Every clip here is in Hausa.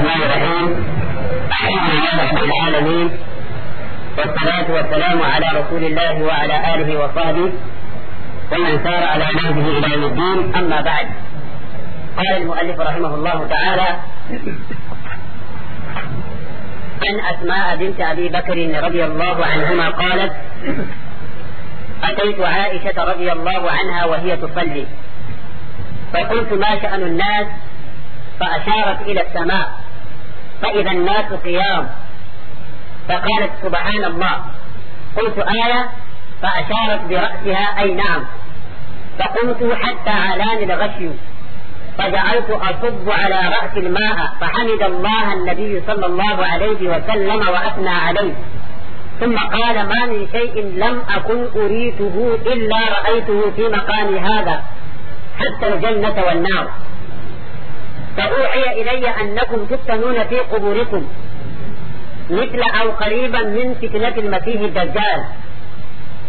الرحمن الرحيم الحمد لله رب العالمين والصلاة والسلام على رسول الله وعلى آله وصحبه ومن سار على نهجه إلى يوم الدين أما بعد قال المؤلف رحمه الله تعالى عن أسماء بنت أبي بكر رضي الله عنهما قالت أتيت عائشة رضي الله عنها وهي تصلي فقلت ما شأن الناس فأشارت إلى السماء فإذا الناس قيام فقالت سبحان الله قلت آية فأشارت برأسها أي نعم فقمت حتى علاني الغشي فجعلت أصب على رأس الماء فحمد الله النبي صلى الله عليه وسلم وأثنى عليه ثم قال ما من شيء لم أكن أريته إلا رأيته في مقام هذا حتى الجنة والنار فأوحي إلي أنكم تفتنون في قبوركم مثل أو قريبا من فتنة المسيح الدجال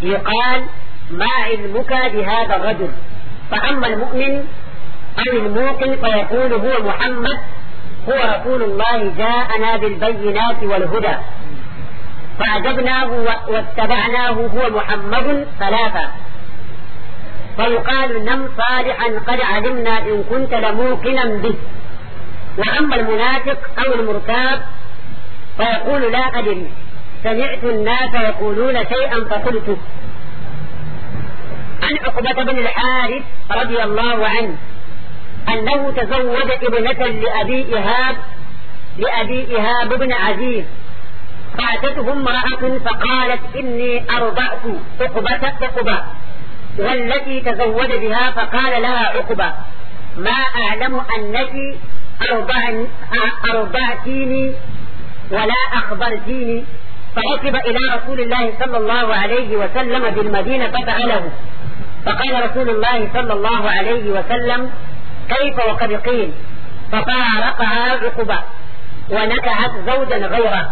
يقال ما علمك بهذا الرجل فأما المؤمن أو الموقن فيقول هو محمد هو رسول الله جاءنا بالبينات والهدى فأجبناه واتبعناه هو محمد ثلاثة فيقال نم صالحا قد علمنا إن كنت لموقنا به وأما المنافق أو المرتاب فيقول لا أدري سمعت الناس يقولون شيئا فقلته عن عقبة بن الحارث رضي الله عنه أنه تزوج ابنة لأبي إيهاب لأبي إيهاب بن عزيز فاتته امرأة فقالت إني أرضعت عقبة عقبة والتي تزوج بها فقال لها عقبة ما أعلم أنك أرضعتيني ولا أخبرتيني فركب إلى رسول الله صلى الله عليه وسلم بالمدينة ففعله فقال رسول الله صلى الله عليه وسلم كيف وقد قيل ففارقها عقبة ونكعت زوجا غيره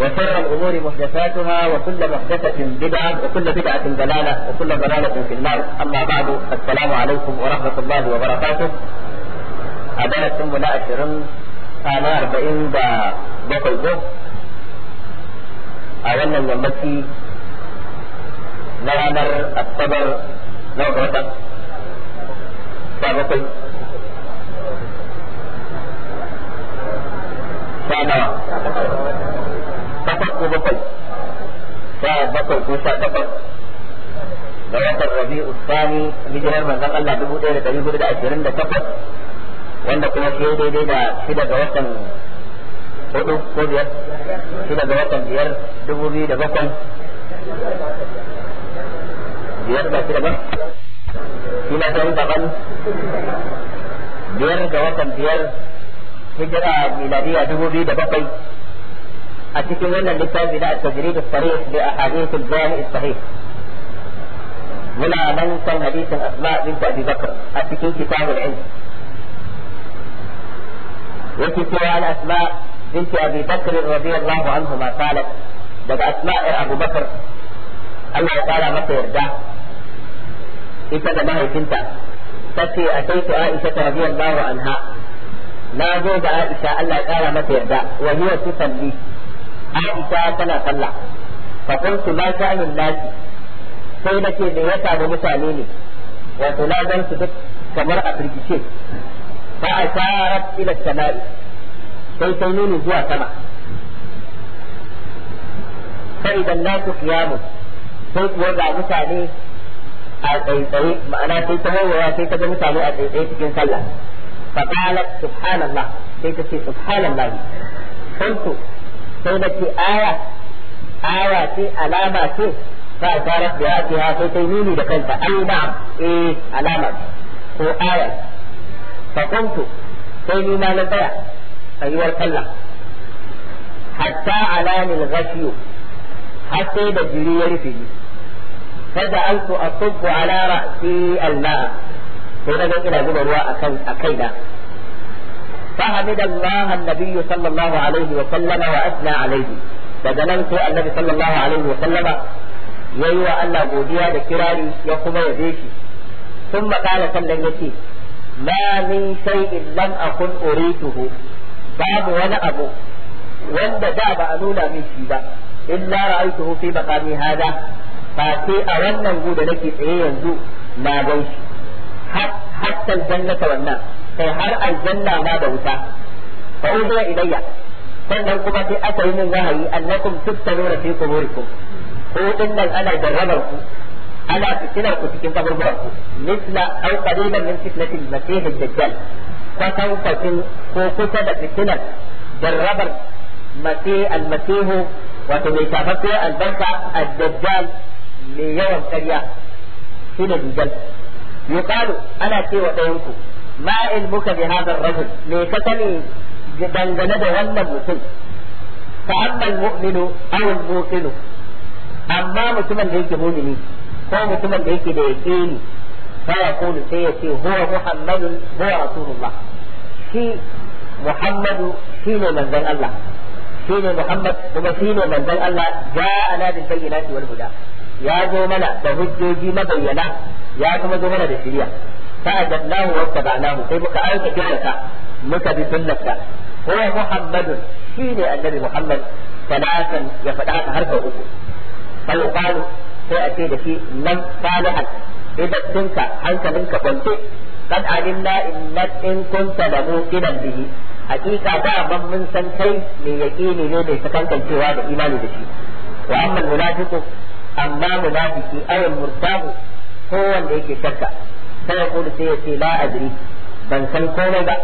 وشر الأمور محدثاتها وكل محدثة بدعة وكل بدعة ضلالة وكل ضلالة في النار أما بعد السلام عليكم ورحمة الله وبركاته أدانا ثم لا أشرن أنا أربعين دا بقل بو أولا يمتي نوامر الصبر نوبة سابقين شاء الله sha bakwai ko sha takwas ga watan a tsani hijirar manzon Allah dubu ɗaya da ɗari hudu da ashirin da takwas wanda kuma shi daidai da shida ga watan hudu ko biyar shida ga watan biyar dubu biyu da bakwai biyar da shida ba shi na daban biyar ga watan biyar hijira miladiya dubu biyu da bakwai a cikin wannan littafi da tajrid as-sarih bi ahadith al-jami' as-sahih muna nan kan hadisin asma bint abi bakr a cikin kitab al-ilm yake cewa an asma bint abi bakr radiyallahu anhuma qalat daga asma abu bakr Allah ya kara masa yarda ita da mahaifinta tace a kai ta Aisha radiyallahu anha na zo da Aisha Allah ya kara masa yarda wa huwa tusalli Aisha tana sallah fa kuntu la ta'lamu lati sai nake me ya samu mutane ne wato na dan su duk kamar a firgice fa asharat ila sama'i sai sai nuni zuwa sama sai idan nasu qiyamu sai kuwa ga mutane a tsaitsaye ma'ana sai ta hawaya sai ta ga mutane a tsaitsaye cikin sallah fa qala subhanallah sai ta ce subhanallah kuntu sai na ce aya aya ce alama ce da ya ce ha sai sai nuni da kanta ai na'am eh, alama ko aya ta kuntu sai ni ma na tsaya tsayuwar kalla hatta alamin gashiyo har sai da jiri ya rufe ni a أصب alama fi الماء sai na ga ina zuba ruwa a kaina فحمد الله النبي صلى الله عليه وسلم وأثنى عليه فجننت النبي صلى الله عليه وسلم يوى أن بوديا لكراري يقوم يديشي ثم قال صلى الله عليه ما من شيء لم أكن أريته باب ولا أبو وند داب أنونا من شيبا إلا رأيته في مقامي هذا فأتي أولنا وجود لك إيه ينزو ما جيش حتى الجنة والنار kai har aljanna ma da wuta fa udiya ilayya sannan kuma sai aka yi min wahayi annakum tuftanuna fi quburikum ko nan ana jarrabar ku ana fitinar ku cikin kaburburan ku misla au qalilan min fitnatil masih ad-dajjal kwatan kwatin ko kusa da fitinar jarrabar masih al-masihu wato mai tafafiya albarka ad-dajjal mai yawan karya shine dajjal yuqalu ana cewa ɗayan ku ma muka bi hadha me ka sani dangane da wannan mutum fa amma al-mu'minu aw amma mutumin da yake mu'mini ko mutumin da yake da yaqini fa yaqulu sai ya ce huwa muhammadun huwa rasulullah shi muhammadu shine manzon Allah shine muhammad kuma shine manzon Allah ja'ana bil wal ya zo mana da hujjoji mabayyana ya kuma zo mana da shiriya فأذناه واتبعناه كيف كأنت كنت muka muka bi sunnarsa huwa muhammadun shine annabi muhammad salatan ya faɗa haka har sau uku bal qalu sai a ce da shi nan salihan idan tinka hankalinka kwance kad alimna in kunta da muqinan bihi haƙiƙa ba ma mun san kai me yaqini ne mai sakankancewa da imani da shi wa amma munafiqu amma munafiki ayyul murtabu ko wanda yake shakka sai ya kudu sai ya ce la adri ban san komai ba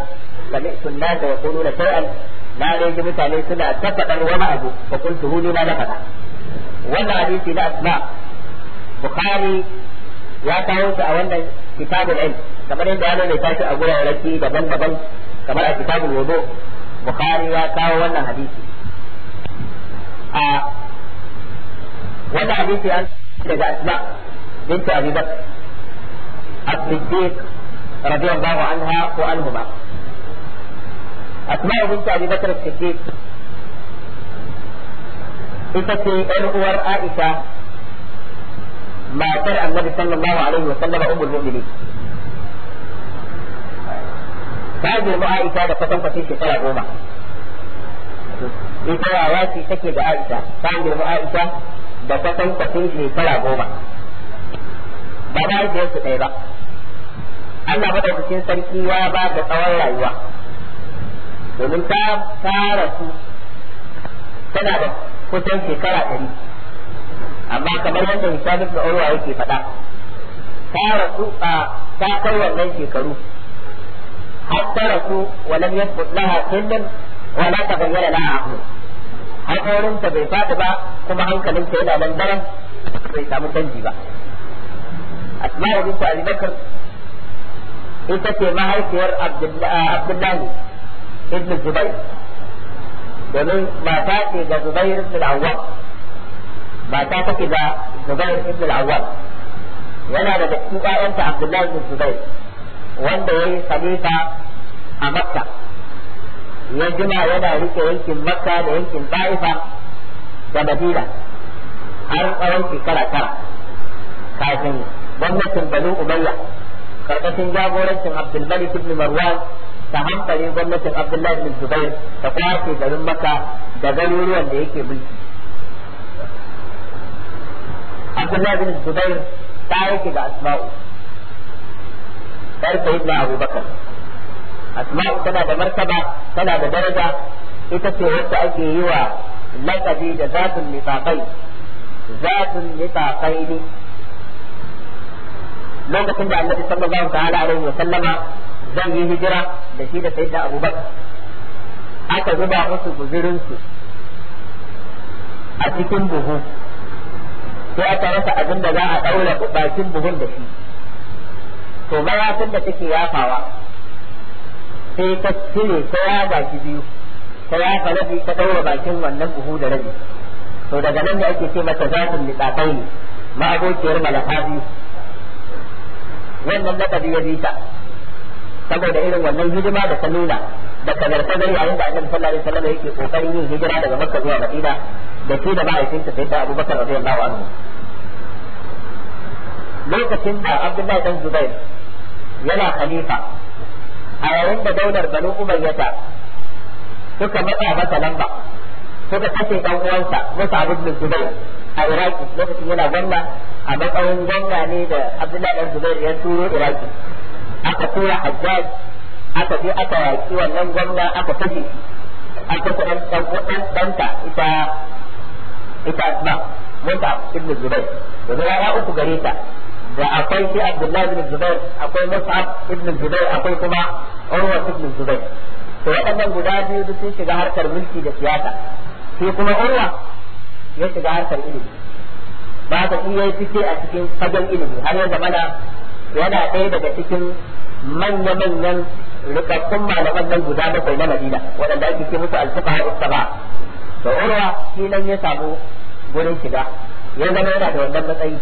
sami'tu an-nasa yaquluna shay'an na ne mutane suna ta faɗar wani abu fa kuntu huni na na faɗa wannan hadisi na asma bukhari ya kawo shi a wannan kitabul ilm kamar yadda ya a gurarraki daban-daban kamar a kitabul wudu bukhari ya kawo wannan an daga asma binta abubakar الصديق رضي الله عنها وعنهما أسماء بنت أبي بكر الصديق إتتي أنور عائشة ما ترى النبي صلى الله عليه وسلم أم المؤمنين ta mu Aisha da kwatan kwatan shekara goma. Ita yawa ce take da Aisha, ta girma Aisha da kwatan kwatan shekara goma. ba mahaifiyar su ɗaya ba Allah madaukakin sarki ya ba da tsawon rayuwa domin ta fara su tana da kusan shekara ɗari amma kamar yadda Hisham ibn Urwa yake faɗa ta rasu a ta wannan shekaru har ta rasu walam yasbut laha kullun wala tabayyana laha aqlu hakorinta bai faɗi ba kuma hankalinta yana nan daren bai samu canji ba asma'u bintu abi bakr ita ce mahaifiyar abdullahi ibn zubair domin mata ce ga zubair ibn al-awwal mata take ga zubair ibn al-awwal yana da cikin ƴaƴanta abdullahi ibn zubair wanda yayi khalifa a makka ya jima yana rike yankin makka da yankin ba'ifa da madina har tsawon shekara tara kafin gwamnatin banu ubayya karkashin jagorancin abdulmalik ibn marwan ta hankali gwamnatin abdullahi ibn zubair ta kwace garin maka da garuruwan da yake mulki abdullahi ibn zubair ta yake da asma'u yi sayyidina abubakar asma'u tana da martaba tana da daraja ita ce wacce ake yi wa lakabi da zatun nifaƙai zatun nifaƙai ne lokacin da annabi sallallahu ta'ala alaihi wa sallama zan yi hijira da shi da sayyidina abubakar aka zuba musu guzurin su a cikin buhu sai aka rasa abin da za a daura bakin buhun da shi to mayafin da take yafawa sai ta cire ta yaga ki biyu ta yafa rabi ta daura bakin wannan buhu da rabi to daga nan da ake ce mata zafin liqatai ne ma abokiyar biyu wannan lakabi ya bi ta saboda irin wannan hidima da ta nuna da kazarta gari yayin da annabi sallallahu alaihi wasallam yake kokarin yin hijira daga makka zuwa madina da ke da ta sai da abubakar radiyallahu anhu lokacin da abdullahi dan zubair yana khalifa a yayin da daular banu umayyata suka matsa masa lamba suka kace dan uwansa musa ibn zubair a iraki lokacin yana gwamna a matsayin gwamna ne da abdullahi dan zubair ya turo iraki aka tura hajjaj aka je aka yaki wannan gwamna aka kashe aka kuɗin danta ita ita asma mota ibn zubair domin ya uku gare ta da akwai shi abdullahi ibn zubair akwai mus'ab ibn zubair akwai kuma urwa ibn zubair to waɗannan guda biyu sun shiga harkar mulki da siyasa sai kuma urwa ya shiga harkar ilimi ba ka in yayi fice a cikin fagen ilimi har yadda mana yana ɗaya daga cikin manya-manyan rikakkun malaman nan guda bakwai na Madina waɗanda ake ce musu alfuqa ba. to urwa shi nan ya samu gurin shiga ya zama yana da wannan matsayi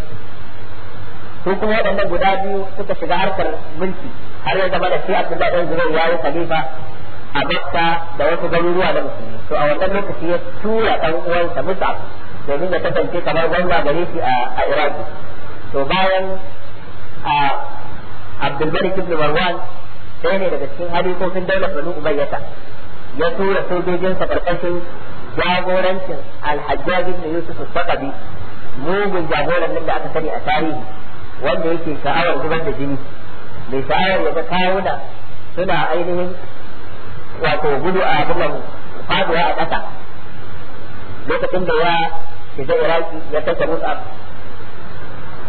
su kuma waɗannan guda biyu suka shiga harkar mulki har ya mana shi Abdullahi ɗan gurin ya yi khalifa a bakka da wasu garuruwa da musulmi to a wannan lokaci ya tura dan uwansa musa domin ya kasance kamar gwamna gare shi a iraq to bayan a abdulmalik ibn marwan sai ne daga cikin halifofin daular banu ubayyata ya tura sojojinsa karkashin jagorancin alhajjaj ibn yusuf al-saqabi mugun jagoran nan da aka sani a tarihi wanda yake sha'awar zubar da jini mai sha'awar ya ga kawuna suna ainihin wato gudu a bugan faduwa a ƙasa lokacin da ya shiga iraki ya kashe mus'ab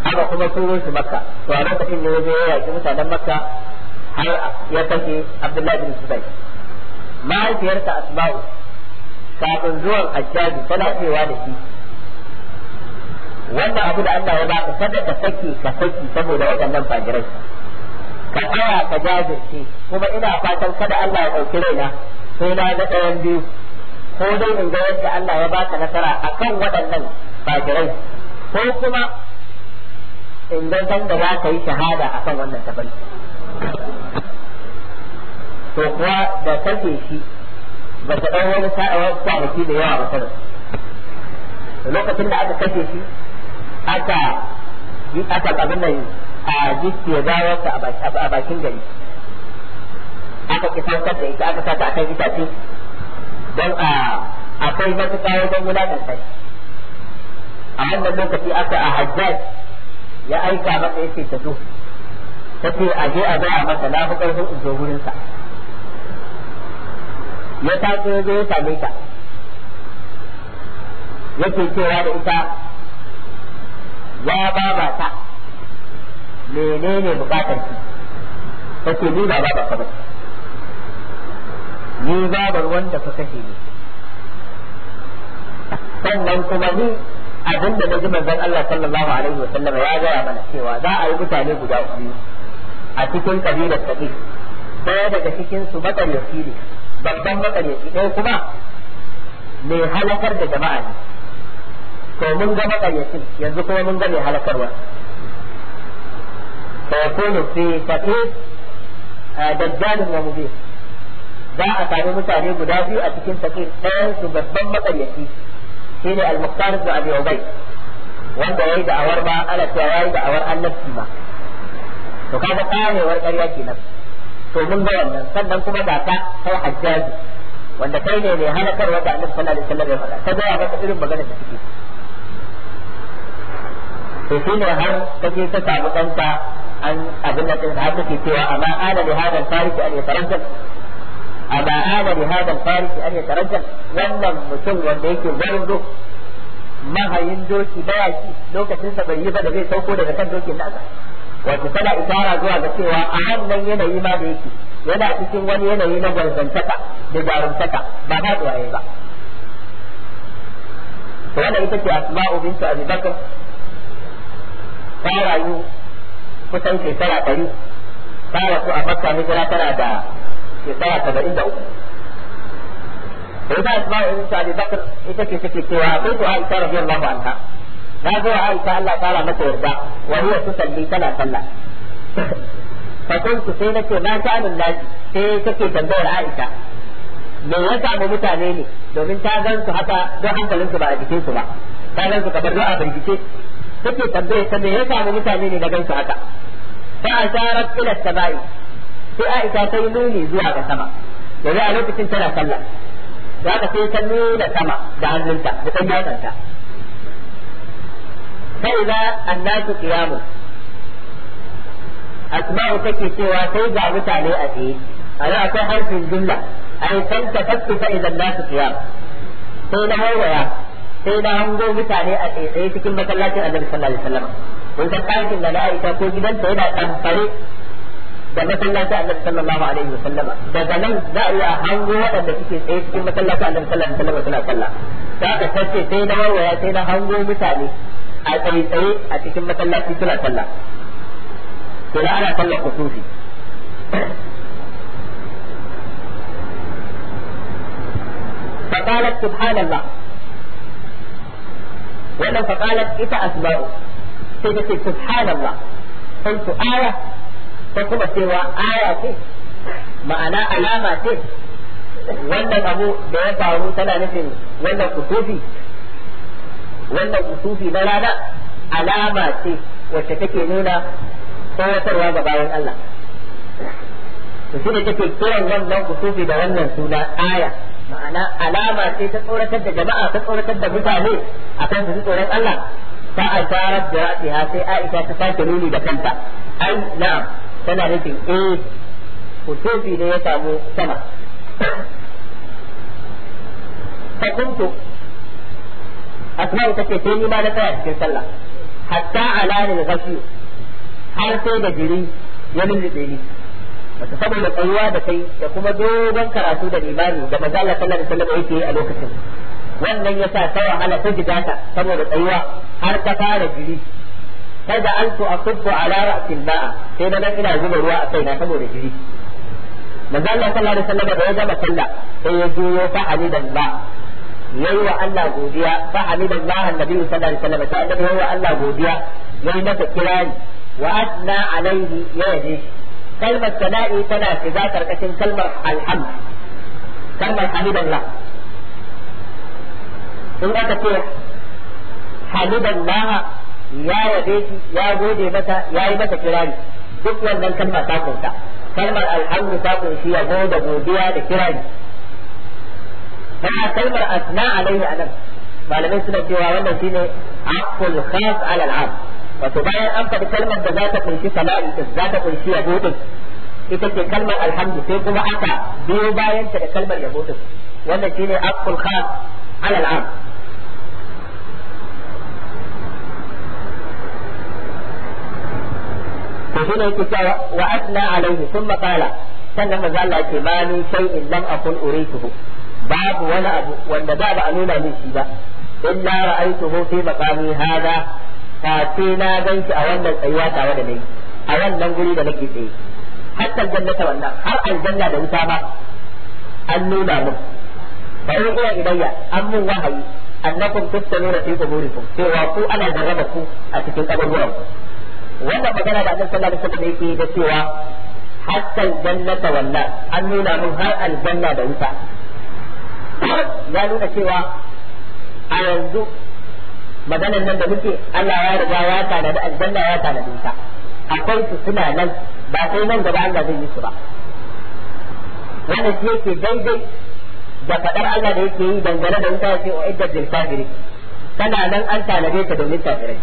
aka kuma turo shi makka to a lokacin ne waje ya yaki mutanen makka har ya kashe abdullahi bin mahaifiyarsa asma'u kafin zuwan ajjabi tana cewa da shi wannan abu da Allah ya baka kada ka saki ka saki saboda waɗannan fajirai ka tsaya ka jajirce kuma ina fatan kada Allah ya ɗauki raina sai na ga ɗayan biyu ko dai in ga yadda Allah ya baka nasara akan waɗannan fajirai ko kuma in ga da za ka yi shahada akan wannan tafarki to kuwa da kake shi ba ta ɗan wani kwanaki da yawa ba sanar lokacin da aka kashe shi aka yi aka abin nan a jiske bawarsa a bakin gari aka kisantar da ita aka sata akan itace don a akwai matuƙa wajen wulaƙanta shi a wannan lokaci aka a hajjaj ya aika masa ya ce ta zo ta ce a je a gaya masa na fi ƙarfin in je wurinsa ya taso ya zo ya same ta yake cewa da ita ya ba ba ta menene bukatar ki kace ni ba ba ka ba ni babar wanda ka kashe ni sannan kuma ni abin da naji manzon Allah sallallahu alaihi wa sallam ya gaya mana cewa za a yi mutane guda biyu a cikin kabilar kabi daya daga cikin su makaryaci ne babban makaryaci ɗaya kuma mai halakar da jama'a ne to mun ga makaryacin yanzu kuma mun ga mai halakarwa فيكون في فقير دجال ومبين za a sami mutane guda biyu a cikin fakir ɗayan su babban makaryaci shi ne almuktar ibn abi ubay wanda yayi da'awar ba ala cewa yayi da'awar annabci ma to kaga karewar ƙarya nan to mun ga wannan sannan kuma da ta kai hajjaji wanda kai ne mai karwa da annabi sallallahu alaihi wasallam ya faɗa ka ga maka irin maganar da kike to shine har kaje ta samu ɗanka an abin da din haka ke cewa amma ana da hadan fariki an yatarajjal amma ana da hadan fariki an yatarajjal wannan mutum wanda yake zarzo mahayin doki bayaki lokacin sa bai yi ba da zai sauko daga kan dokin nasa wato tana isara zuwa ga cewa a wannan yanayi ma da yake yana cikin wani yanayi na gwarzantaka da jaruntaka ba ba tsaye ba wannan ita ce asma'u bin abi ta rayu kusan shekara ɗari ta rasu a makka hijira tana da shekara saba'in da uku da ita asma ibn sa'ad bakar ita ce take cewa sai ku aisha radiyallahu anha na a aisha Allah ta'ala mata yarda wa wasu salli tana sallah fa su sai nace na sha'anin laji sai take tambayar aisha me ya samu mutane ne domin ta gan su haka don hankalin su ba a jikin su ba ta gan su kamar a bincike take tambaye ta me ya samu mutane ne na gansu haka fa asharat ila sabai sai Aisha ta yi nuni zuwa ga sama yanzu a lokacin tana sallah za ka sai ta nuna sama da hannunta da ɗan yatsanta fa idza annasu qiyamun asma'u take cewa sai ga mutane a tsaye a nan akwai harfin jumla ai san ta fattu fa idza annasu qiyam sai na hauraya sai na hango mutane a tsaye cikin masallacin annabi sallallahu alaihi wasallam mun san ɗakin da Aisha ko gidanta yana ɗanfare da masallacin annabi sallallahu alaihi wasallam daga nan za a iya hango waɗanda suke tsaye cikin masallacin annabi sallallahu alaihi wasallam suna sallah da aka tace sai na warwaya sai na hango mutane a tsaye tsaye a cikin masallaci suna sallah to da ana sallar kusufi فقالت سبحان الله wannan fa ita asma'u sai ta ce subhanallah san su aya ta kuma cewa aya ce ma'ana alama ce wannan abu da ya faru tana nufin wannan kusufi wannan kusufi na rana alama ce wacce take nuna tsawatarwa ga bayan Allah to shi ne take kiran wannan kusufi da wannan suna aya ma'ana alama ce ta tsoratar da jama'a ta tsoratar da mutane akan su tsoron Allah fa asharat bi ra'siha sai Aisha ta sake nuni da kanta ai na'am tana nufin eh kutufi ne ya samu sama ta kuntu asma'u take sai ni ma na tsaya cikin sallah hatta da gashi har sai da jiri ya lullube ni wato saboda tsayuwa da kai da kuma dogon karatu da limani da maza Allah sallallahu alaihi wasallam yake a lokacin wannan yasa ta wahala ta saboda tsayuwa har ta fara jiri kada an a asubbu ala ra'sil ba'a sai da nan ina zuba ruwa a na saboda jiri maza Allah sallallahu alaihi wasallam da ya gama sallah sai ya juyo fa hamidan ba yayi wa Allah godiya fa hamidan Allah annabi sallallahu alaihi wasallam sai da yayi wa Allah godiya yayi masa kirari wa asna alaihi ya yaje kalmar sana'i tana shiga karkashin kalmar alhamd kalmar hamidallah in aka ce hamidallah ya yabe shi ya gode mata ya yi mata kirari duk wannan kalma ta kunta kalmar alhamdu ta kunshi yabo da godiya da kirari kuma kalmar asna alaihi anan malamai suna cewa wannan shine aqul khas ala al wato bayan an faɗi kalmar da za ta kunshi sala'i din za ta kunshi ya din ita ce kalmar alhamdu sai kuma aka biyo bayan ta da kalmar ya yabo wanda shi ne akul khas ala al'am to ne yake cewa wa asna alaihi thumma qala sannan manzo Allah yake ma min shay'in lam akun uritu babu wani abu wanda da ba a nuna min shi ba illa ra'aytuhu fi maqami hada fa sai na ganshi a wannan tsayuwa tawa da nayi a wannan guri da nake tsaye hatta jannata wannan har aljanna da wuta ba an nuna mu Ba in ila ilayya an mun wahayi annakum tustaluna fi quburikum cewa ku ana jarraba ku a cikin kaburburanku wannan magana da annabi sallallahu alaihi wasallam yake da cewa hatta jannata wallah an nuna mun har aljanna da wuta ya nuna cewa a yanzu Maganar nan da muke Allah ya riga ya tanadi aljanna ya tanadi ta akwai su suna nan ba sai nan gaba Allah zai yi su ba wannan shi yake daidai da fadar Allah da yake yi dangane da wuta ce yake uiddat lil kafiri tana nan an tanade ta domin kafirai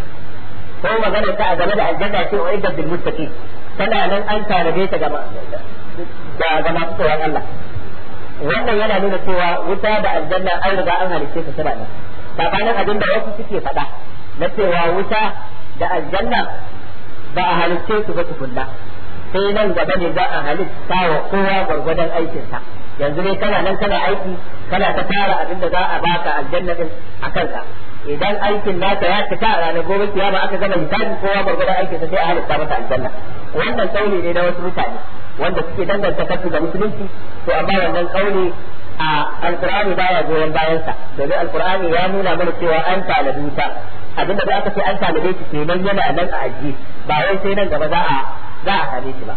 ko maganar ta a game da aljanna ce uiddat lil muttaqin tana nan an tanade ta gaba da ga masu tsoron Allah wannan yana nuna cewa wuta da aljanna an riga an halicce su suna nan sakanin abin da wasu suke faɗa na cewa wuta da aljanna ba a halicce su ba tukunna sai nan gaba ne za a halitta wa kowa gwargwadon aikinsa yanzu ne kana nan kana aiki kana ta fara abin da za a baka aljanna din a kanka idan aikin nata ya fita a ranar gobe ba aka gama hisabi kowa gwargwadon aikinsa sai a halitta mata aljanna wannan tsauni ne na wasu mutane wanda suke danganta kansu da musulunci to amma wannan kauli a alqur'ani baya goyon bayan sa domin alqur'ani ya nuna mana cewa an talabi ta abinda da aka ce an talabe shi kenan yana nan a ajiye ba wai sai nan gaba za a za a same shi ba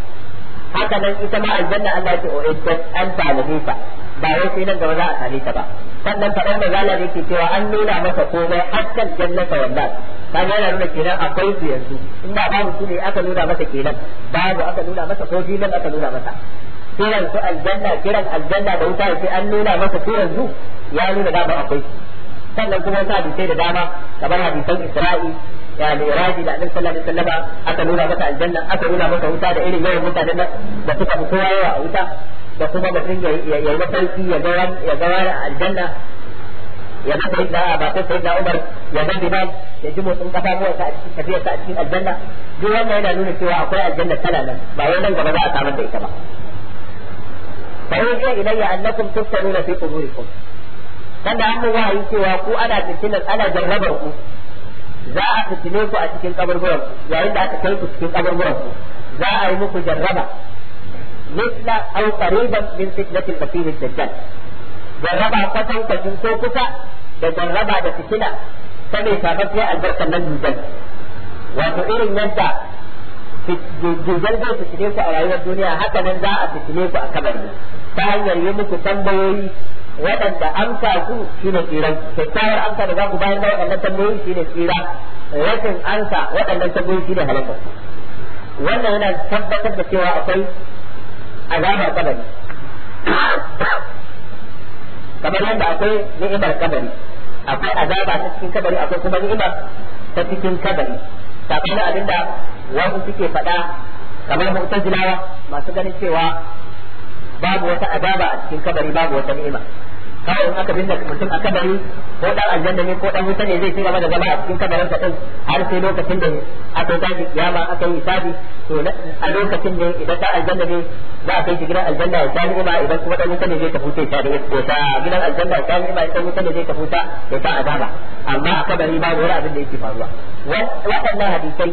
haka nan ita ma aljanna Allah ce o uiddat an talabe ta ba wai sai nan gaba za a same ta ba sannan faɗan da zalla da yake cewa an nuna masa komai hakkan jannata wannan. kaga yana nuna kenan akwai su yanzu in ba babu su ne aka nuna masa kenan babu aka nuna masa ko filin aka nuna masa kiran su aljanna kiran aljanna da wuta sai an nuna masa su yanzu ya nuna da dama akwai sannan kuma wasu hadisai da dama kamar hadisan isra'i ya miraji da annabi sallallahu alaihi wasallam aka nuna masa aljanna aka nuna masa wuta da irin yawan mutanen da suka fi kowa yawa a wuta da kuma mutum ya yi mafarki ya ga aljanna ya ga sai da ba sai da Umar ya ga Bilal ya ji motsin kafafuwar sa a sa a cikin aljanna duk wannan yana nuna cewa akwai aljanna tana nan ba wai nan gaba za a samar da ita ba fa yuji ilayya annakum tusaluna fi quburikum kada an mu wahayi cewa ku ana fitinar ana jarrabar ku za a fitine ku a cikin kaburburan ku yayin da aka kai ku cikin kaburburan ku za a yi muku jarraba مثل أو min من فتنة المسيح الدجال jarraba kwatan kwacin so kusa da jarraba da fitina ta mai tafafiya albarkar nan dujal wato irin yadda dujal zai fitine ku a rayuwar duniya haka nan za a fitine ku a kabari ta hanyar yi muku tambayoyi waɗanda amsa ku shine tsiran kyakkyawar amsa da za ku bayar da waɗannan tambayoyi shine tsira rashin amsa waɗannan tambayoyi shine halakar wannan yana tabbatar da cewa akwai azabar kabari kamar yadda akwai ni'imar kabari akwai azaba ta cikin kabari akwai kuma ni'imar ta cikin kabari sakamakon abinda wasu suke faɗa kamar jilawa masu ganin cewa babu wata azaba a cikin kabari babu wata ni'ima kawai in aka binne mutum a kabari ko dan aljanna ne ko dan wuta ne zai ci gaba da zama a cikin kabarin sa din har sai lokacin da aka tashi kiyama aka yi hisabi to a lokacin ne idan ta aljanna ne za a kai shi gidan aljanna ya tashi ba idan kuma dan wuta ne zai tafi sai tashi ko ta gidan aljanna ya tashi ba idan wuta ne zai tafi ta ya ta azaba amma a kabari ba wani abin da yake faruwa waɗannan hadisai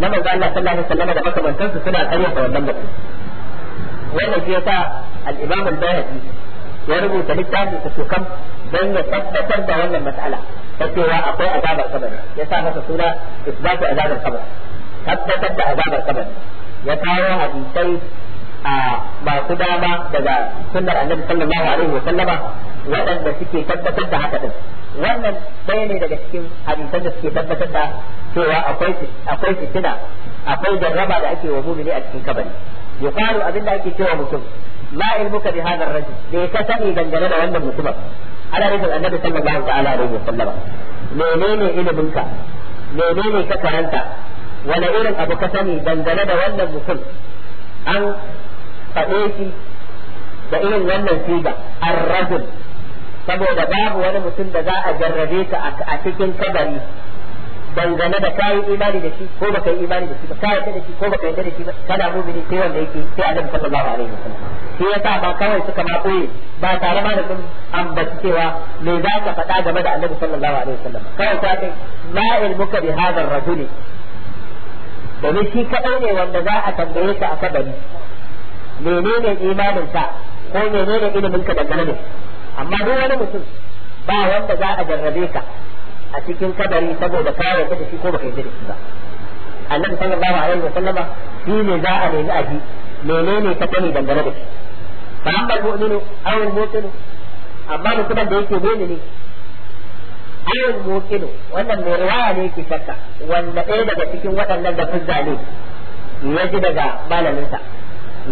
na manzo Allah sallallahu alaihi wasallam da makamantansu suna ƙarya da wannan mutum wannan shi yasa al-Imam al-Bayhaqi ya rubuta littafin ta shukan don ya tabbatar da wannan mas'ala ta cewa akwai azabar kabari ya sa masa suna isbatu azabar kabari tabbatar da azabar kabari ya kawo hadisai a masu dama daga sunnar annabi sallallahu alaihi wa sallama waɗanda suke tabbatar da haka din wannan ɗaya ne daga cikin hadisan da suke tabbatar da cewa akwai akwai fitina akwai jarraba da ake wa mumini a cikin kabari yuqalu abinda ake cewa mutum ma ilmuka bi hadha ar bai ka sani dangane da wannan mutumin ana nufin annabi sallallahu ta'ala alaihi wasallam menene iliminka menene ka wani irin abu ka sani dangane da wannan mutum an faɗe shi da irin wannan siga an rajul saboda babu wani mutum da za a jarrabe ka a cikin kabari dangane da kayi imani da shi ko baka yi imani da shi ba kayi da shi ko baka yarda da shi ba kana mu'mini sai wanda yake sai Allah sallallahu alaihi wasallam shi yasa ba kawai suka ma koyi ba tare ma da sun ambaci cewa me za ka faɗa game da annabi sallallahu alaihi wasallam kawai ta kai ma ilmuka bi hadha ar-rajuli domin shi kadai ne wanda za a tambaye ka a kabari menene ka ko menene ilimin ka dangane da amma duk wani mutum ba wanda za a jarrabe ka a cikin kabari saboda ka yarda shi ko baka yarda da shi ba annabi sallallahu alaihi wasallam shi ne za a nemi aji menene ka sani dangane da shi fa amma mu'minu aw al-mu'minu amma mutum da yake mu'mini ayyul mu'minu wannan mai riwaya ne yake shakka wanda ɗaya daga cikin waɗannan da fuzza ne ya ji daga malaminsa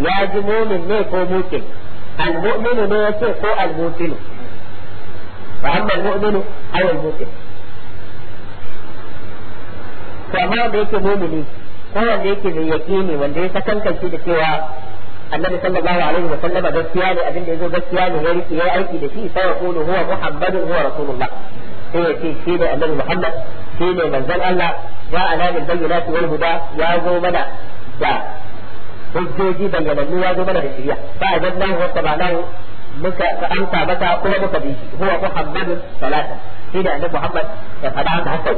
ya ji mu'min ne ko mu'min al-mu'minu ne yace ko al-mu'minu fa amma al-mu'minu aw al-mu'minu to amma wanda yake mumini ko wanda yake mai yaqini wanda ya sakankanci da cewa annabi sallallahu alaihi wa sallam gaskiya ne abin da yazo gaskiya ne ya rike yayi aiki da shi sai ya kulu huwa muhammadun huwa rasulullah sai ya ce shi ne annabi muhammad shi ne manzon Allah ya ala min bayyinati wal huda ya zo mana da hujjoji bayyanannu ya zo mana da shiriya ba a zanna wa tabanahu muka amsa masa kuma muka bi shi huwa muhammadun salatan shi ne annabi muhammad ya faɗa haka haka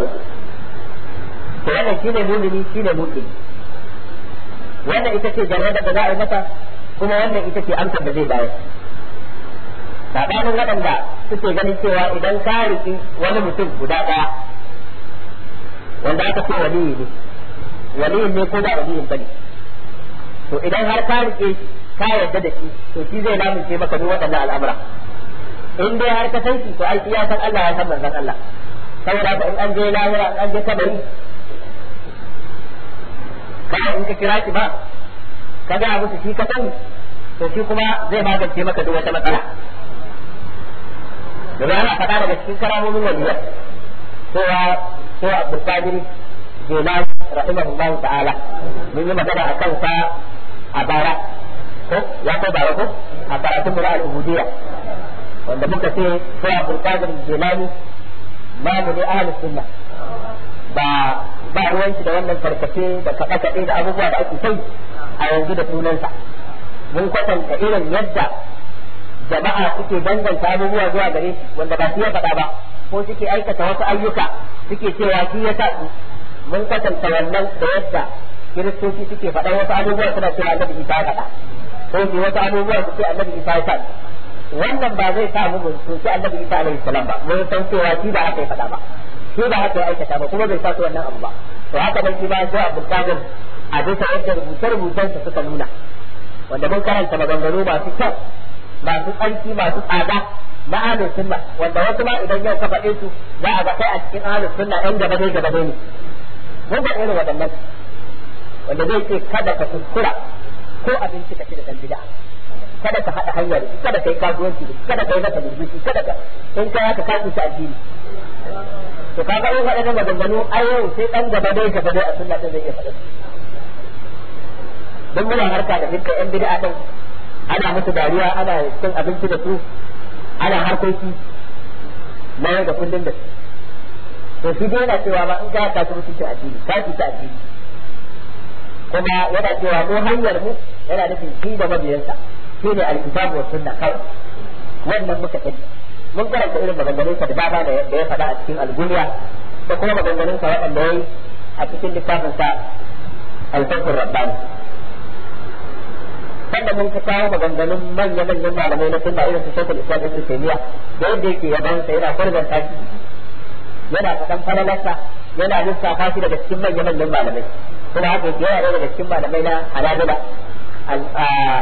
to wannan shine mumini ne mu'min wannan ita ce jarraba da za a yi masa kuma wannan ita ce amsar da zai bayar sabanin waɗanda suke ganin cewa idan ka riƙi wani mutum guda ɗaya wanda aka ce waliyi ne waliyin ne ko ba waliyin bane to idan har ka riƙe ka yarda da shi to shi zai lamunce maka duk waɗannan al'amura in dai har ka san shi to ai iya san Allah ya san manzon Allah saboda in an je lahira an je kabari ba in ka kira shi ba ka ga musu shi ka sani to shi kuma zai magance maka duk wata matsala domin ana faɗa daga cikin karamomin waliyar cewa ko abdulkadir jilani rahimahullahu ta'ala mun yi magana a sa a bara ko ya ko bara ko a karatun mura al-ubudiyya wanda muka ce ko abdulkadir jilani mu ne ahlus sunna ba ba ruwanki da wannan farkace da kaɗa kaɗe da abubuwa da ake kai a yanzu da sunansa mun kwatanta irin yadda jama'a suke danganta abubuwa zuwa gare shi wanda ba su ya faɗa ba ko suke aikata wasu ayyuka suke cewa shi ya taɓi mun kwatanta wannan da yadda kiristoci suke faɗa wasu abubuwa suna cewa annabi isa ya faɗa ko su wasu abubuwa su ce annabi isa ya faɗa wannan ba zai sa mu mu soki annabi isa alaihi salam ba mun san cewa shi ba aka yi faɗa ba shi ba haka ya aikata ba kuma bai fata wannan abu ba to haka ban shi ba sai abu Qadir a bisa yadda rubuce-rubucensa suka nuna wanda mun karanta maganganu masu kyau masu tsarki masu tsada na ahlus sunna wanda wasu ma idan yau ka faɗe su za a ga kai a cikin ahlus sunna ɗan gaba ne gaba ne mun ga irin waɗannan wanda zai ce kada ka kuskura ko abinci ka ci da bid'a kada ka haɗa hanyar kada ka yi kasuwanci kada ka yi masa kada ka in ka yaka ka kasu addini to kaga in da maganganu ayoyin sai dan gaba dai gaba dai a sunna din zai iya faɗa dan muna harka da dukkan yan bid'a din ana musu dariya ana cin abinci da su ana harkoki na yau da kullum da su to shi dai yana cewa ba in ka ka ci mutunci addini ka ci ta addini kuma yana cewa mu hanyar mu yana nufin shi da mabiyansa shi ne alkitabu wa sunna kawai wannan muka tabbata mun karanta irin maganganun sa da dama da ya faɗa a cikin algunya da kuma maganganun sa waɗanda yayi a cikin littafin sa al-fakhur rabbani banda mun ka kawo maganganun manya manyan malamai na sunna irin su shekul islam ibn taymiya da yadda yake yaban sa yana farzan ta yana faɗan falalarsa yana lissafa shi daga cikin manya manyan malamai kuma haka yake yana daga cikin malamai na halabila ah,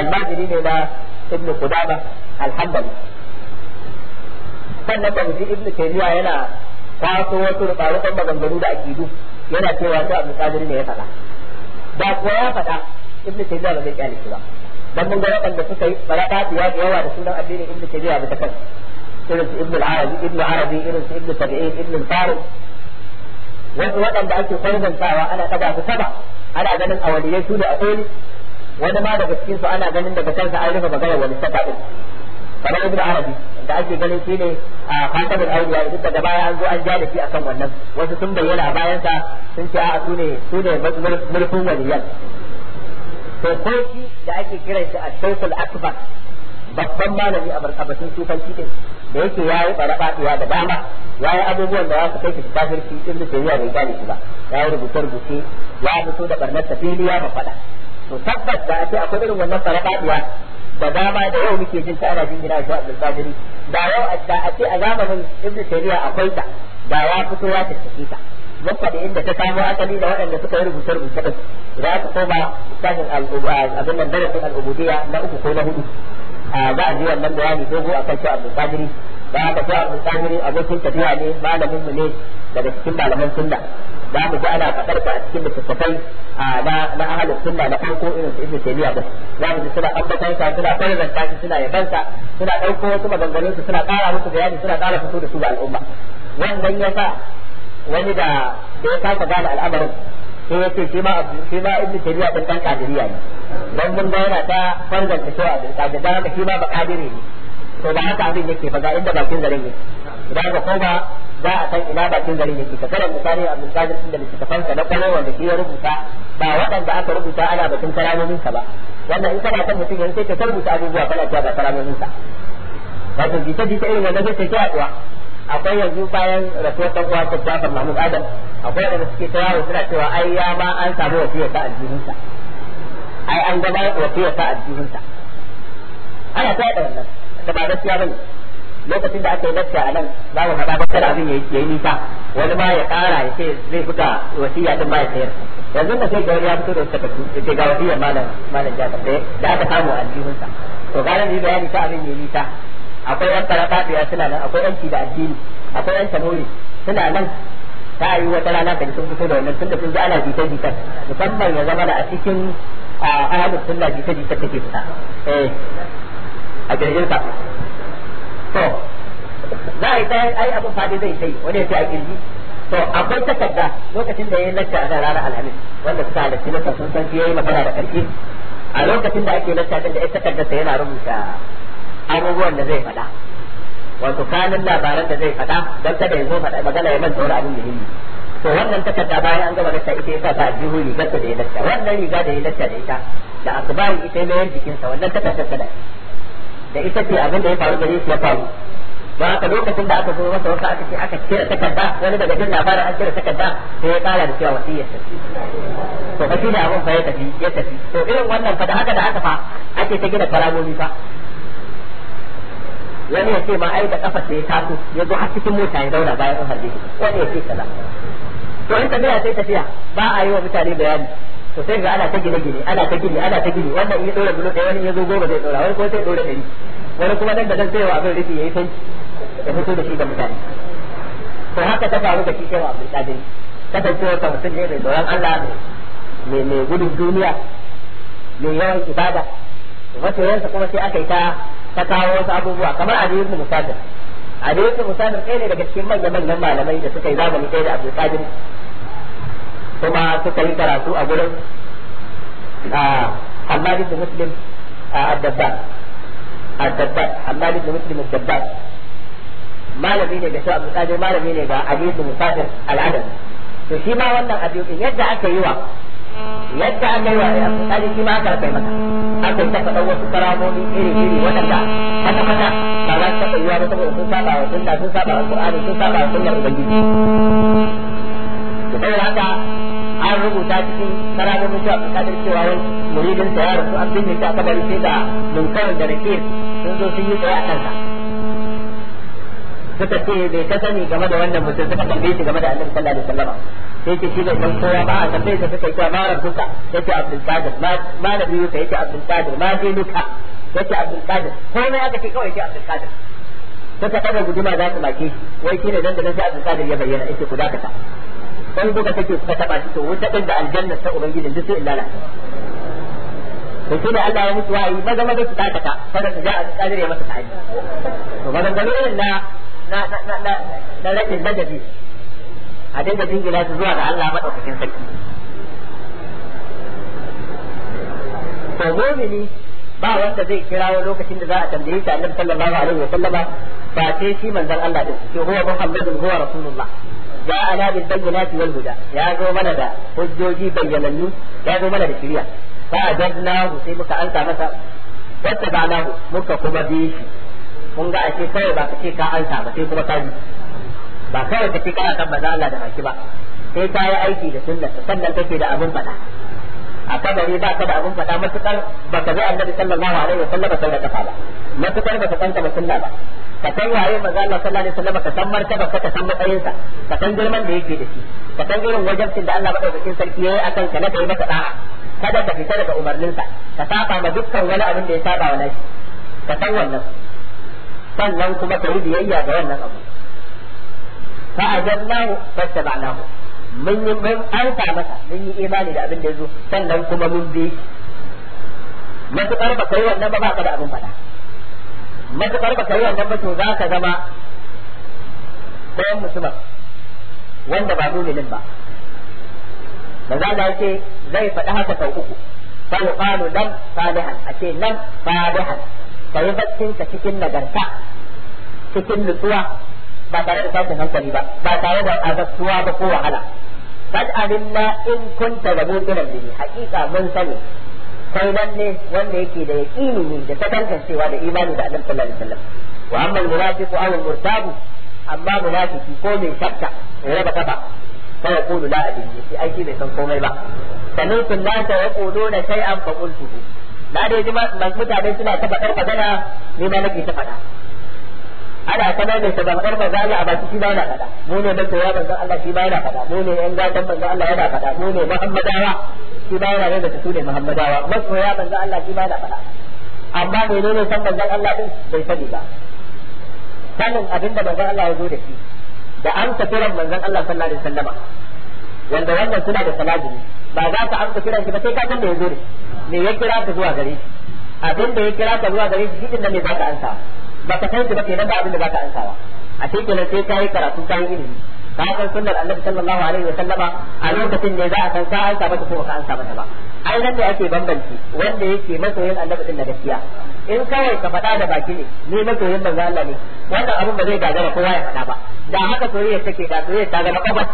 al-majiri ne na ibn qudama alhambali sannan ba ji ibnu taymiya yana kwaso wasu rubarukan maganganu da ake akidu yana cewa sai abu qadir ne ya faɗa Ba kuwa ya faɗa Ibn taymiya ba zai kyale shi ba dan mun ga waɗanda suka yi baraka da yawa da sunan addinin Ibn taymiya ba ta kan irin su ibnu arabi ibnu arabi irin su ibnu tabi'in ibnu farid wasu waɗanda ake kwarbantawa ana ɗaga su saba ana ganin awaliyai su ne a koli wani ma daga cikinsu ana ganin daga kansa an rufe magana wani saba din kamar ibn arabi da ake ganin shi ne a khatamul awliya duk daga baya an zo an ja da shi akan wannan wasu sun bayyana bayan sa sun ce a su ne su ne mulkin waliyan to ko shi da ake kiran shi a shaykh al-akbar babban malami a barkabatun sufanci din da yake yayi barabatuwa da dama yayi abubuwan da za su kai shi kafirci ibn tayyiba bai gane shi ba yayi rubuta rubuce ya fito da barnar tafiliya ba fada to tabbas da ake akwai irin wannan barabatuwa da dama da yau muke jin ta ana gida shi Abdul Qadir da yau da a ce a zamanin Ibn akwai ta da ya fito ya ta mun faɗi inda ta samo asali da waɗanda suka yi rubuce rubuce za ka koma tsarin abin nan darasin al'ubudiyya na uku ko na hudu za a ji wannan bayani dogo akan shi Abdul Qadir da aka shi Abdul Qadir abokin tafiya ne malamin mu ne daga cikin malaman sunna za mu ji ana faɗar ta a cikin littattafai na na ahalin sunna na farko irin su ibnu taymiya ba za mu ji suna ambatan sa suna farzanta shi suna yabansa suna ɗauko wasu maganganun su suna ƙara musu bayani suna ƙara fito da su ga al'umma wannan ya sa wani da da ya kasa gane al'amarin sai ya ce shi ma shi ma ibnu taymiya ɗan ɗan kadiriya ne dan mun ga yana ta farzanta shi a bin kadir haka shi ma ba kadiri ne to ba haka abin yake ba ga inda bakin garin yake idan ko ba za a san ina bakin garin yake ka karanta misali a misali da littafan ka na kwana wanda ke rubuta ba waɗanda aka rubuta ana batun karamomin ka ba wannan in kana son mutum yanzu sai ka rubuta abubuwa kana cewa ba karamomin ka. wato jita jita irin wanda zai ta yaduwa akwai yanzu bayan rasuwar ɗan uwa Jafar Mahmud Adam akwai wanda suke ta yawo suna cewa ai ya ma an samu wasiya ta aljihunsa ai an gaba wasiya ta aljihunsa ana ta yada wannan da ba gaskiya bane lokacin da aka yi lakta a nan za mu haɗa bakar abin ya yi nisa wani ma ya ƙara ya ce zai fita wasiya din ba ya sayar yanzu da sai gauri ya fito da takardu ya ce ga wasiyar malam malam jafar da aka samu a aljihunsa to gane yi bayani ta abin ya yi nisa akwai yan ya suna nan akwai yanci da addini akwai yan tanori suna nan ta yi wata rana da sun fito da wannan tunda sun ji ana jita jita musamman ya zama da a cikin ahadu sunna jita jita take fita eh a gargin to za a yi ta ai abin fadi zai sai wani ya ce a to akwai takarda lokacin da ya yi lacca a ranar alhamis wanda suka halarci na sun san ya yi magana da karfi a lokacin da ake lacca da ya takarda sa yana rubuta abubuwan da zai faɗa wato kanin labaran da zai faɗa don kada ya zo faɗa magana ya manta wani abin muhimmi to wannan takarda bayan an gama lacca ita ya sa ta jihu rigar da ya lacca wannan riga da ya lacca da ita da asibari ita mayar jikinsa wannan takardar ta da da ita ce abin da ya faru gare shi ya faru ba haka lokacin da aka zo masa wasu aka ce aka cire takarda wani daga jin labarin an cire takarda sai ya kara da cewa wasiyar ta to fa shine abin fa ya tafi ya tafi to irin wannan fa da haka da haka fa ake ta gina karamomi fa wani ya ce ma ai da kafa sai ya taso ya zo har cikin mota ya zauna bayan an harbe shi wani ya ce kaza to in tafiya sai tafiya ba a yi wa mutane bayani to sai ga ana ta gine gine ana ta gine ana ta gine wannan ya dora bulo ɗaya wani ya zo goma zai dora wani ko sai dora ɗari wani kuma nan da nan sai wa abin rufi yayi fanci da fito da shi da mutane to haka ta faru da shi wa abin qadir kasancewa ta mutum ne mai tsoron Allah mai mai gudun duniya mai yawan ibada masoyansa kuma sai aka yi ta ta kawo wasu abubuwa kamar a ibn musafir a ibn musafir ɗaya ne daga cikin manyan manyan malamai da suka yi zamani ɗaya da abdul qadir kuma suka yi karatu a gurin Hamad da Muslim a dabbas ad Muslim a malami ne shi Abu malami ne ga Musafir to shi ma wannan abin yadda aka yi wa yadda aka yi wa eh, Abu shi ma aka kai mata aka wasu karamomi iri iri waɗanda mata ba za su taɓa wa ba saboda sun saba wa sun saba wa sun saba wa sunnar Ubangiji haka an rubuta cikin karamomin cewa kadar cewa wani muridin sa ya rasu ta binne shi a kabari da munkarin da nakir sun zo sun yi tsaye a kansa suka ce bai ka sani game da wannan mutum suka tambaye shi game da annabi sallallahu alaihi wasallam sai ce shi bai san kowa ba a tambaye shi suka ce ma rabbuka yace abdul qadir ma nabiyuka yace abdul qadir ma dinuka yace abdul qadir na aka ce kawai ce abdul qadir suka daga guduma za su maki wai shine dan da sai abdul qadir ya bayyana yace ku dakata dan buga take suka taba shi to wuta din da aljanna ta ubangiji duk sai illala to shi da Allah ya mutu wayi maza maza su taka ta fara su ja a kadir masa ta'adi to magan gano irin na na na na na na rakin a dinga dingila su zuwa ga Allah madaukakin sarki to mu'mini ba wanda zai kirawo lokacin da za a tambaye shi Annabi sallallahu alaihi wa sallama ba sai shi manzon Allah din ce huwa Muhammadun huwa Rasulullah ja'ana bil bayyinati wal huda ya zo mana da hujjoji bayyanannu ya zo mana da shiriya fa ajabnahu sai muka ansa masa ba wattaba'nahu muka kuma bi shi kun ga ashe kawai ba ka ce ka ansa ba sai kuma ka bi ba kawai ka ce kana kan manzo Allah da baki ba sai ka yi aiki da sunna sannan kake da abin faɗa a kabari ba ka da abun faɗa matukar ka bi annabi sallallahu alaihi wasallam sai da kafa ba matukar baka san ka sunna ba ka san waye manzo Allah sallallahu alaihi wasallam ka san martaba ka san matsayin sa ka san girman da yake da shi ka san irin wajibin da Allah madaukakin sarki yayi akan ka na kai maka da'a kada ka fita daga umarnin sa ka saba ma dukkan wani abin da ya saba wa nashi ka san wannan sannan kuma ka yi biyayya ga wannan abu fa'ajannahu fattaba'nahu mun yi mun auka masa mun yi imani da abin da zo sannan kuma mun bi matuƙar ba kai wannan ba ba ka da abin fada matuƙar ba kai wannan ba to za ka zama ɗayan musulman wanda ba muminin ba da za ka yake zai faɗi haka sau uku fa yuqalu lam salihan ce nan salihan kai baccin ka cikin nagarta cikin nutsuwa ba tare da samun hankali ba ba tare da azabtuwa ba ko wahala kad alimma in kunta da mutunan bihi hakika mun sani kai nan ne wanda yake da yaqini ne da takantancewa da imani da annabi sallallahu alaihi wasallam wa amma al-munafiqu aw al amma munafiki ko mai shakka raba kafa fa yaqulu la adri shi. ai shi bai san komai ba sanin kun la ta yaquluna shay'an fa qultu la dai mutane suna ta faɗar magana ne ma nake ta faɗa ana sanar da bangar manzo Allah a baki shi ba yana faɗa mu ne da ya bangar Allah shi ba yana faɗa mu ne yan gatan bangar Allah yana faɗa mu ne Muhammadawa shi ba yana da su ne Muhammadawa masu ya bangar Allah shi ba yana faɗa amma ne san bangar Allah din bai sani ba sanin abinda bangar Allah ya zo da shi da an amsa kiran bangar Allah sallallahu alaihi wasallam wanda wannan suna da ne. ba za ka amsa kiran shi ba sai ka san da ya zo ne me ya kira ka zuwa gare shi abin da ya kira ka zuwa gare shi shi din ne za ka ansa ba ka san su ba kenan ba abin da za ka ansawa a cikin kenan sai ta yi karatu kan ilimi ka san sunnar annabi sallallahu alaihi wa sallama a lokacin ne za a san ka ansa mata ko ka ansa mata ba ai nan ne ake bambanci wanda yake masoyin annabi din da gaskiya in kawai ka faɗa da baki ne ni masoyin manzo Allah ne wannan abin ba zai gagara kowa ya faɗa ba da haka soyayya take da soyayya ta ga kabar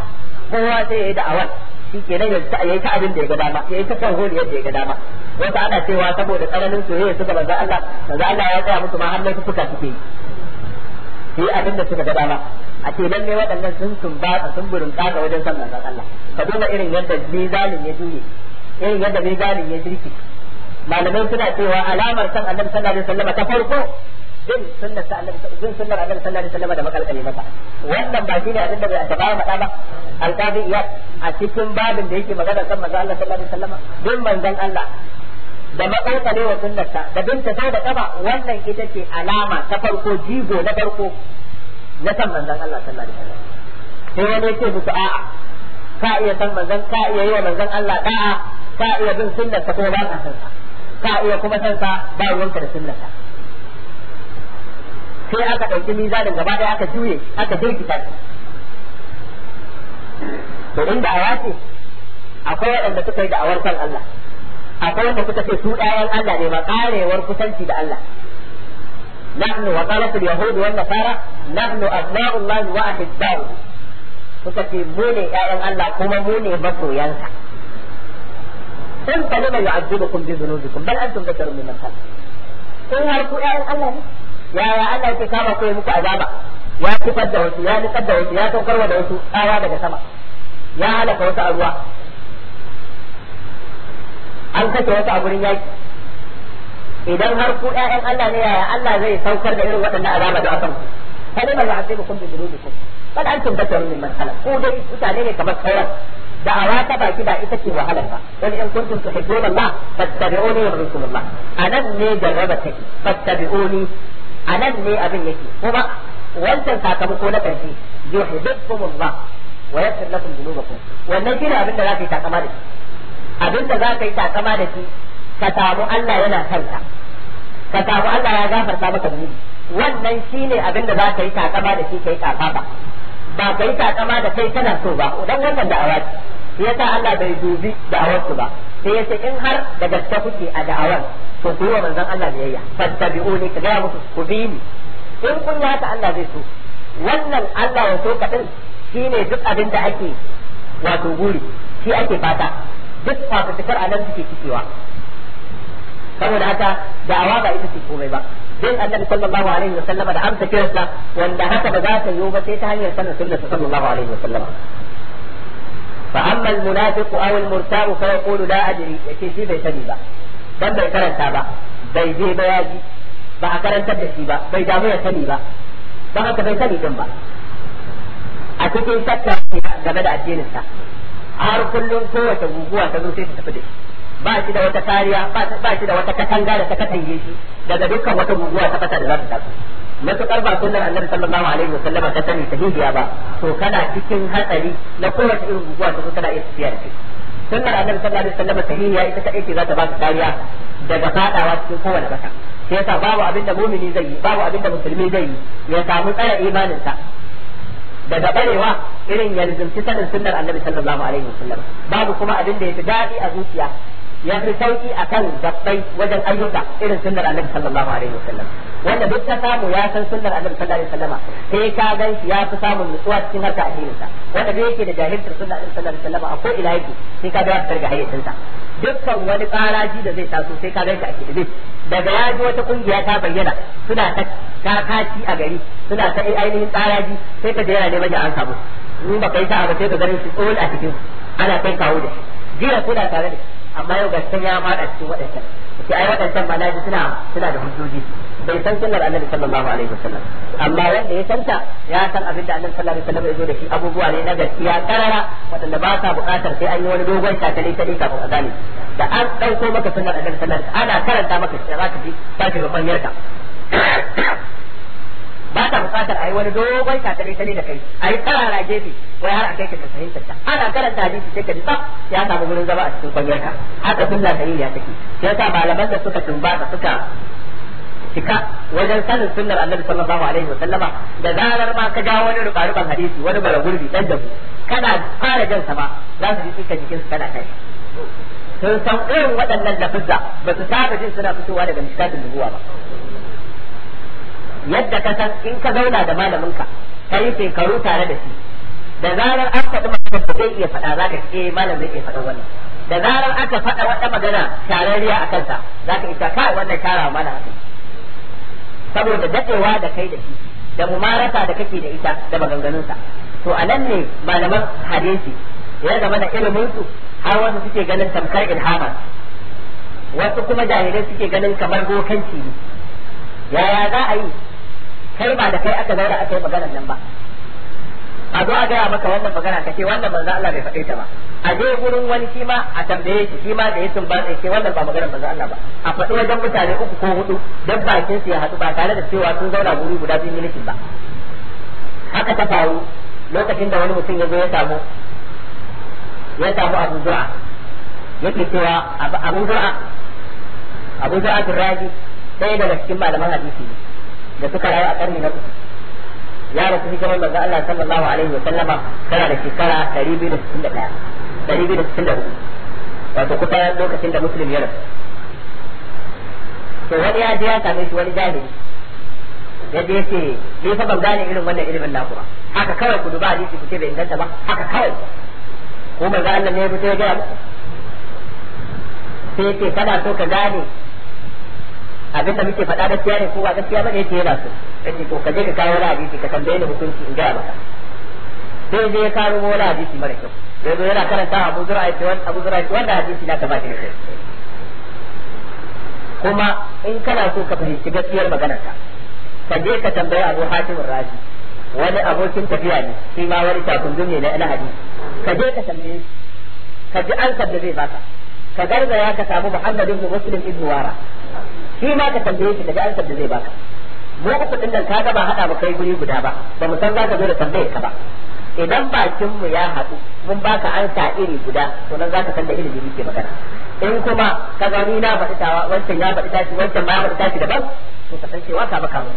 kowa sai ya yi da awal. shi ke nan yanzu yayi ta abin da ya ga dama yayi ta kan hori yadda ya gaba dama wata ana cewa saboda tsananin soyayya suka manzo Allah manzo Allah ya tsaya musu ma har laifin suka suke yi abin da suka ga dama a ce lalle waɗannan sun tumbatsa sun burin kaga wajen san ga Allah ka duba irin yadda mizanin ya juye irin yadda mizanin ya jirki malamai suna cewa alamar san annabi sallallahu alaihi wasallam ta farko bin sunnar annabi bin sunnar annabi sallallahu alaihi wasallam da makalkale masa wannan ba shine abin da ta baya faɗa ba alqadi ya a cikin babin da yake magana kan manzo Allah sallallahu alaihi wasallam bin manzon Allah da makalkale wa sunnarsa da binta sau da kaba wannan ita ce alama ta farko jigo na farko na san manzon Allah sallallahu alaihi wasallam sai wani yake musu a'a ka iya san manzon ka iya yi wa manzon Allah da'a ka iya bin sunnarsa kuma ba ka san ka iya kuma san sa ba ruwanka da sunnarsa sai aka ɗauki mizanin gaba ɗaya aka juye aka jirkita shi to inda a ce akwai waɗanda suka yi da'awar kan Allah akwai wanda suka ce su ɗayan Allah ne ma ƙarewar kusanci da Allah nahnu wa qalat al yahud wa nasara nahnu abna'u Allah wa ahibba'u suka ce mu ne ƴaƴan Allah kuma mu ne masoyansa sun fa lima yu'azzibukum bi dhunubikum bal antum basharun mimman khalaq kun har ku ƴaƴan Allah ne yaya Allah yake kama ku muku azaba ya kifar da wasu ya nikar da wasu ya saukar da wasu tsawa daga sama ya halaka wasu a ruwa an kashe wasu a gurin yaki idan har ku ƴaƴan Allah ne yaya Allah zai saukar da irin waɗannan azaba da akan ku kada ma ya'tibukum bi dhunubikum bal antum basharun mimman khalaq ko dai mutane ne kamar sauran da'awa ta baki ba ita ce wahalar ba wal in kuntum tuhibbuna Allah fattabi'uni yuhibbukum Allah anan ne jarraba take fattabi'uni a nan ne abin yake kuma wancan sakamako na ƙarshe yuhibbukumullah wa yaghfir lakum dhunubakum wannan shine abin da za ka yi takama da shi abin da za ka yi takama da shi ka samu Allah yana son ka samu Allah ya gafarta maka zunubi wannan shine abin da za ka yi takama da shi kai kafafa ba kai takama da kai kana so ba dan wannan da'awa ce shi yasa Allah bai dubi da'awar su ba sai yace in har da gaske kuke a da'awar to ku wa manzon Allah biyayya fattabi'uni ka ga muku ku bi ni in kun yi haka Allah zai so wannan Allah ya so ka shine duk abin da ake wato guri shi ake fata duk fafutukar anan suke cikewa saboda haka da'awa ba ita ce komai ba bin annabi sallallahu alaihi wa sallama da amsa kiransa wanda haka ba za ta yiwu ba sai ta hanyar sanin sunnarsa sallallahu alaihi wa sallama فأما المنافق أو المرتاب فيقول لا أدري يكي شي بي سني با dan bai karanta ba bai je ba ya ji ba a karantar da shi ba bai damu ya sani ba don haka bai sani din a cikin shakka game da addinin sa har kullum kowace guguwa ta zo ta tafi da ba shi da wata kariya ba shi da wata katanga da ta katange shi daga dukkan wata guguwa ta fata da za ta tafi matukar ba sunan annabi sallallahu alaihi wa sallama ta sani sahihiya ba to kana cikin hatsari na kowace irin guguwa ta kana iya tafiya da Sunan annabi sallallahu alaihi wa sallama sahihiya ita kadai ce za ta ba ka kariya daga fadawa cikin kowane kasa sai yasa babu abin da mumini zai yi babu abin da musulmi zai yi ya samu tsara imaninsa daga barewa irin ya rizumci sanin sunnar annabi sallallahu alaihi wasallam babu kuma abin da ya fi daɗi a zuciya ya fi sauki kan gabbai wajen ayyuka irin sunnar annabi sallallahu alaihi wasallam wanda duk ta samu ya san sunnar annabi sallallahu alaihi wasallam sai ka gan shi ya fi samun nutsuwa cikin harka addinin sa wanda da yake da jahilcin sunnar annabi sallallahu alaihi wasallam akwai ila yake sai ka ga ya fitar ga hayyacin dukkan wani karaji da zai taso sai ka gan shi a kidi daga ya ji wata kungiya ta bayyana suna ta kakaci a gari suna ta ainihin karaji sai ka jera ne maji an samu in ba kai sa'a ba sai ka gani su tsol a cikin ana kai kawo da shi jira kuna tare da shi amma yau ga ya fada cikin waɗancan ce ai waɗancan ba na suna suna da hujjoji bai san sunnar annabi sallallahu alaihi wasallam amma wanda ya santa ya san abin da annabi sallallahu alaihi wasallam ya zo da shi abubuwa ne na gaskiya karara waɗanda ba sa buƙatar sai an yi wani dogon shakali ta dai kafin a gane da an dauko maka sunnar annabi sallallahu alaihi wasallam ana karanta maka shi za ka ji ta shiga kwanyarka ba ta bukatar a yi wani dogon katare tare da kai a yi tsarara gefe wai har a kai ka fahimtar ta ana karanta hadisi sai ka ji tsaf ya samu wurin zama a cikin kwanyar ka haka sunna sahihiya take sai sa malaman da suka tumbata suka cika wajen sanin sunnar annabi sallallahu alaihi wasallama da zarar ma ka ga wani ruban hadisi wani bara gurbi dan da kana fara jan sa ba za su ji suka jikin su kana kai sun san irin waɗannan lafizza ba su saba jin suna fitowa daga miskatin nubuwa ba yadda ka san in ka zauna da malaminka ka yi shekaru tare da shi da zarar an faɗi magana da zai iya faɗa zaka ce malam zai iya faɗa wannan da zarar aka faɗa wata magana tarariya a kansa zaka ita kai wannan tara mana haka saboda dadewa da kai da shi da mumarasa da kake da ita da maganganunsa to anan ne malaman hadisi ya zama da ilimin su har wasu suke ganin tamkar ilhama wasu kuma jahilai suke ganin kamar bokanci ne yaya za a yi kai ba da kai aka zauna aka yi maganar nan ba a zo a gaya maka wannan magana ce wannan manzo Allah bai faɗe ta ba a je gurin wani shi ma a tambaye shi shi da ya ba sai ce wannan ba maganar manzo Allah ba a faɗi wajen mutane uku ko hudu dan bakin su ya haɗu ba tare da cewa sun zauna guri guda biyu miniti ba haka ta faru lokacin da wani mutum ya zo ya samu ya samu Abu Zur'a yake cewa Abu zuwa Abu zuwa Turaji ɗaya daga cikin malaman hadisi ne da suka rayu a karni na uku ya rasu hijirar manzo Allah sallallahu alaihi wa sallama tana da shekara 261 264 wato kusa lokacin da musulmi ya rasu to wani ya je ya same shi wani jahili ya je ce ni fa ban gane irin wannan ilimin na kuma. haka kawai ku duba hadisi ku ce bai inganta ba haka kawai ko manzo Allah ne ya fito ya ga sai ce kana so ka gane abinda muke faɗa gaskiya ne ko ba gaskiya ba ne yake yana so yace to ka je ka kawo wani hadisi ka tambaye ni hukunci in gaya maka sai je ya kawo wani hadisi mara kyau yanzu yana karanta Abu Zur'a yace wani Abu Zur'a yace wannan hadisi na ta ba shi ne kuma in kana so ka fahimci gaskiyar maganar ka ka je ka tambaye Abu Hatim Raji wani abokin tafiya ne shi ma wani takundun ne na hadisi ka je ka tambaye ka ji ansar da zai baka ka gargaya ka samu Muhammad ibn Muslim ibn Wara shi ma ka tambaye shi ka ji ansar da zai baka mu uku din nan ka ga ba hada mu kai guri guda ba ba mu san za ka zo da tambayar ka ba idan bakin mu ya haɗu mun baka ansa iri guda to nan za ka san da ilimi muke magana in kuma ka gani na faɗi tawa wancan ya faɗi tashi wancan ba ya faɗi tashi daban to ka san cewa ka baka mu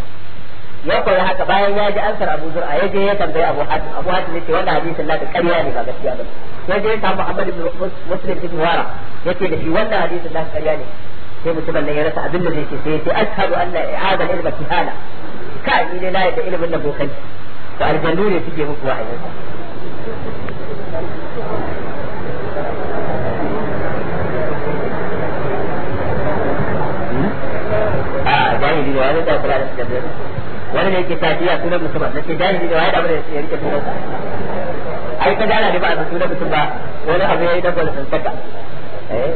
ya koyi haka bayan ya ji ansar Abu Zur'a ya je ya tambayi Abu Hatim Abu Hatim ce wannan hadisin na da ƙarya ne ba gaskiya ba ya je ya samu Ahmad ibn Muslim ibn Wara yace da shi wannan hadisin na da ƙarya ne sai mutumin nan ya rasa abin da zai ce sai sai ashhadu an la ilaha illa kihala kai ni ne na yadda ilimin nan bokai to aljannu ne suke muku wahayi a jahili ne wani da kula da aljannu wani ne yake tafiya sunan musamman na ce jahili ne wani da bane ya rike sunan ai ka dana da ba a sunan mutum ba wani abu ya yi dabbar sansaka eh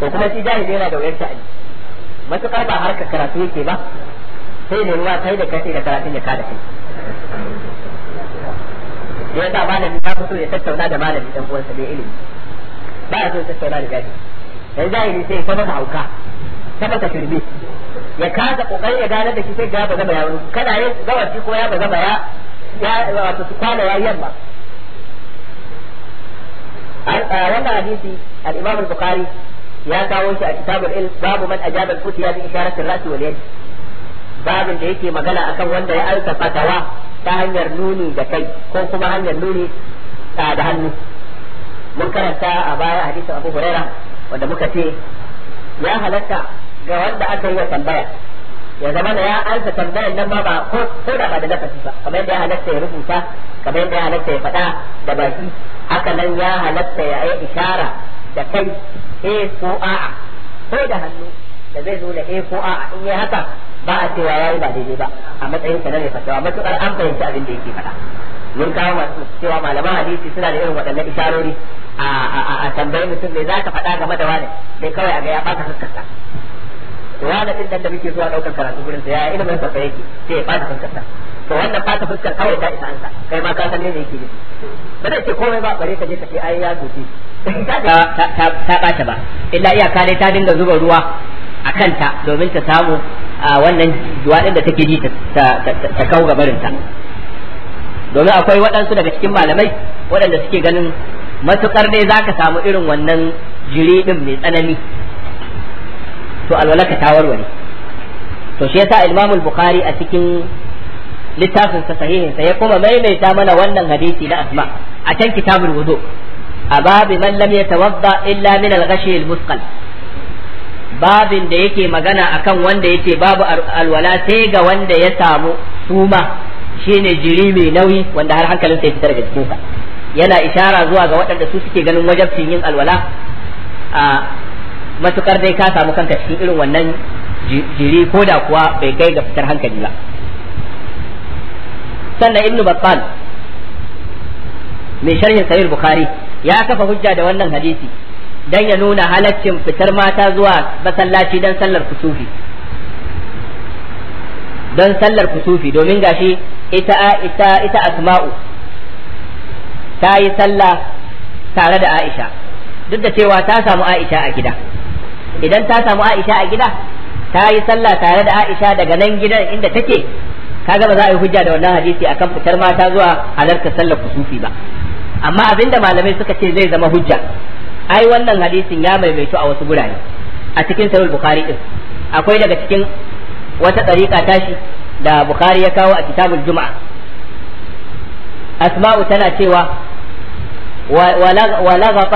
to kuma shi jahili yana da wuyar sha'ani matuƙar ba harka karatu yake ba sai ne ruwa kai da kai da karatun ya kada kai ya sa malami ya fito ya tattauna da malami dan uwansa ne ilimi ba ya so ya tattauna da jahili dan jahili sai ta masa hauka ta masa shirme ya kasa kokarin ya gane da shi sai ga ba zama ya wani kana yin gawaci ko ya ba zama ya ya wato su kwana ya yamma wannan hadisi al-Imam al-Bukhari ya kawo shi a kitabul ilm babu man ajaba al-futiya bi isharati ar-ra'si wal yad babin da yake magana akan wanda ya alka fatawa ta hanyar nuni da kai ko kuma hanyar nuni da hannu mun karanta a baya hadisin Abu Huraira wanda muka ce ya halatta ga wanda aka yi wa tambaya ya zama da ya ansa tambayar nan ma ba ko ko da ba da lafafi ba kamar yadda ya halatta ya rubuta kamar yadda ya halatta ya faɗa da baki haka nan ya halatta ya yi ishara da kai a ko a'a ko da hannu da zai zo da a ko a'a in yi haka ba a cewa yi ba daidai ba a matsayin sa na mai fatawa matukar an fahimci abin da yake faɗa mun kawo masu cewa malaman hadisi suna da irin waɗannan isharori a tambayi mutum mai za ka faɗa game da wani mai kawai a ga ya ɓata fuskarsa wani ɗin da muke zuwa ɗaukar karatu gurin sa ya ilimin sa yake sai ya ɓata fuskarsa to wannan ɓata fuskar kawai ta isa an sa kai ma ka san ne yake nufi ba zai ce komai ba bare ka je ka ce ai ya ta bata ba illa iyaka dai ta dinga zuba ruwa a kanta domin ta samu a wannan duwaɗin da take ji ta kau barinta. domin akwai waɗansu daga cikin malamai waɗanda suke ganin matukar ne za ka samu irin wannan jiri ɗin mai tsanani to alwalaka ta warware to shi yasa imamul bukhari a cikin littafin sa sahihin sa ya kuma maimaita mana wannan hadisi na asma a can kitabul wudu a babi man lam yatawadda illa min al-ghashi al-musqal babin da yake magana akan wanda ce babu alwala sai ga wanda ya samu suma shine jiri mai nauyi wanda har hankalin ya fitar daga cikin sa yana ishara zuwa ga waɗanda su suke ganin wajabcin yin alwala a matukar dai ka samu kanka cikin irin wannan jiri ko da kuwa bai kai ga fitar hankali ba sannan ibnu battal mai sharhin sahih bukhari ya kafa hujja da wannan hadisi dan ya nuna halaccin fitar mata zuwa masallaci dan sallar kusufi dan sallar kusufi domin gashi ita ita ita asma'u ta yi sallah tare da Aisha duk da cewa ta samu Aisha a gida idan ta samu Aisha a gida ta yi sallah tare da Aisha daga nan gidan inda take kaga ba za a yi hujja da wannan hadisi akan fitar mata zuwa halarta sallar kusufi ba amma abinda malamai suka ce zai zama hujja ai wannan hadisin ya maimaitu a wasu gurare a cikin sahih bukhari din akwai daga cikin wata dariƙa tashi da bukhari ya kawo a kitabul juma'a asma'u tana cewa ولغط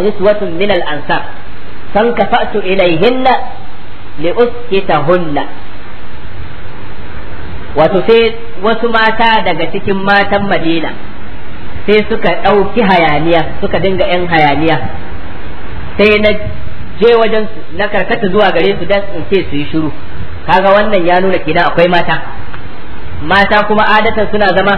نسوة من الأنصار فانكفأت إليهن لأسكتهن wato sai wasu mata daga cikin matan madina sai suka ɗauki hayaniya suka dinga 'yan hayaniya sai na je wajen na karkata zuwa gare su dan in ce su yi shiru kaga wannan ya nuna kina akwai mata mata kuma adatan suna zama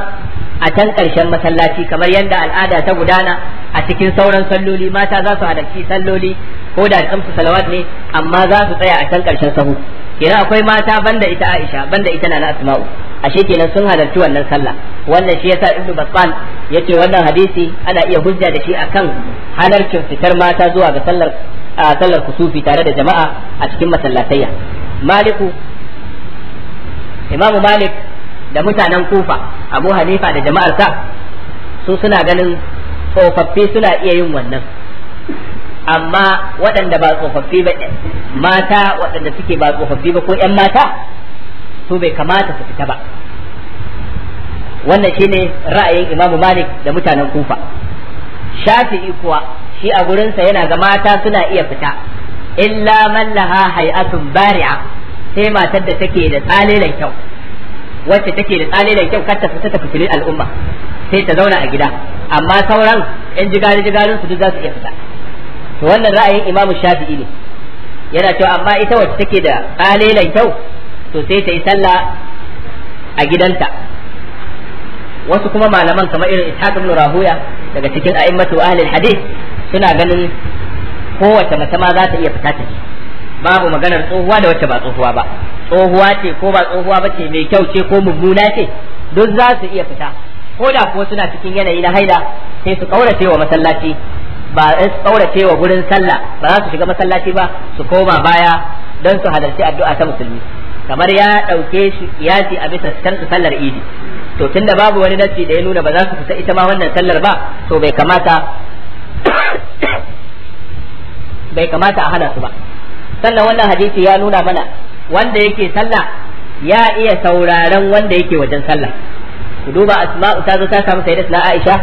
a can ƙarshen masallaci kamar yadda al'ada ta gudana a cikin sauran salloli mata za su halarci salloli ko da kamsu salawat ne amma za su tsaya a can ƙarshen sahu kenan akwai mata banda ita Aisha banda ita na Asma'u ashe kenan sun halarci wannan sallah wannan shi yasa Ibn Battal yace wannan hadisi ana iya hujja da shi akan halarcin fitar mata zuwa ga sallar sallar kusufi tare da jama'a a cikin masallatayya Maliku Imam Malik da mutanen kufa abu hanifa da jama'ar ka su suna ganin tsofaffi suna iya yin wannan amma waɗanda ba tsofaffi ba mata waɗanda suke ba tsofaffi ba ko 'yan mata su bai kamata su fita ba wannan shine ra'ayin imamu malik da mutanen kufa shafi'i kuwa shi a gurinsa yana ga mata suna iya fita illa man laha hay'atun bari'a sai matar da take da tsalilan kyau wacce take da tsale da kyau kar ta fita ta fitini al'umma sai ta zauna a gida amma sauran yan jigari jigarin su duk za su iya fita to wannan ra'ayin imamu shafi'i ne yana cewa amma ita wacce take da tsale da kyau to sai ta yi sallah a gidanta wasu kuma malaman kamar irin ishaq ibn rahuya daga cikin a'immatu ahlul hadith suna ganin kowace mace ma za ta iya fita ta babu maganar tsohuwa da wacce ba tsohuwa ba tsohuwa ce ko ba tsohuwa ba ce mai kyau ce ko mummuna ce duk za su iya fita ko da kuwa suna cikin yanayi na haida sai su kaurace wa masallaci ba su kaurace wa gurin sallah ba za su shiga masallaci ba su koma baya don su halarci addu'a ta musulmi kamar ya ɗauke shi kiyasi a bisa sallar idi to tunda babu wani nasi da ya nuna ba za su fita ita ma wannan sallar ba to bai kamata bai kamata a hana su ba sannan wannan hadisi ya nuna mana wanda yake sallah ya iya sauraron wanda yake wajen sallah ku duba asma'u ta zo ta samu na Aisha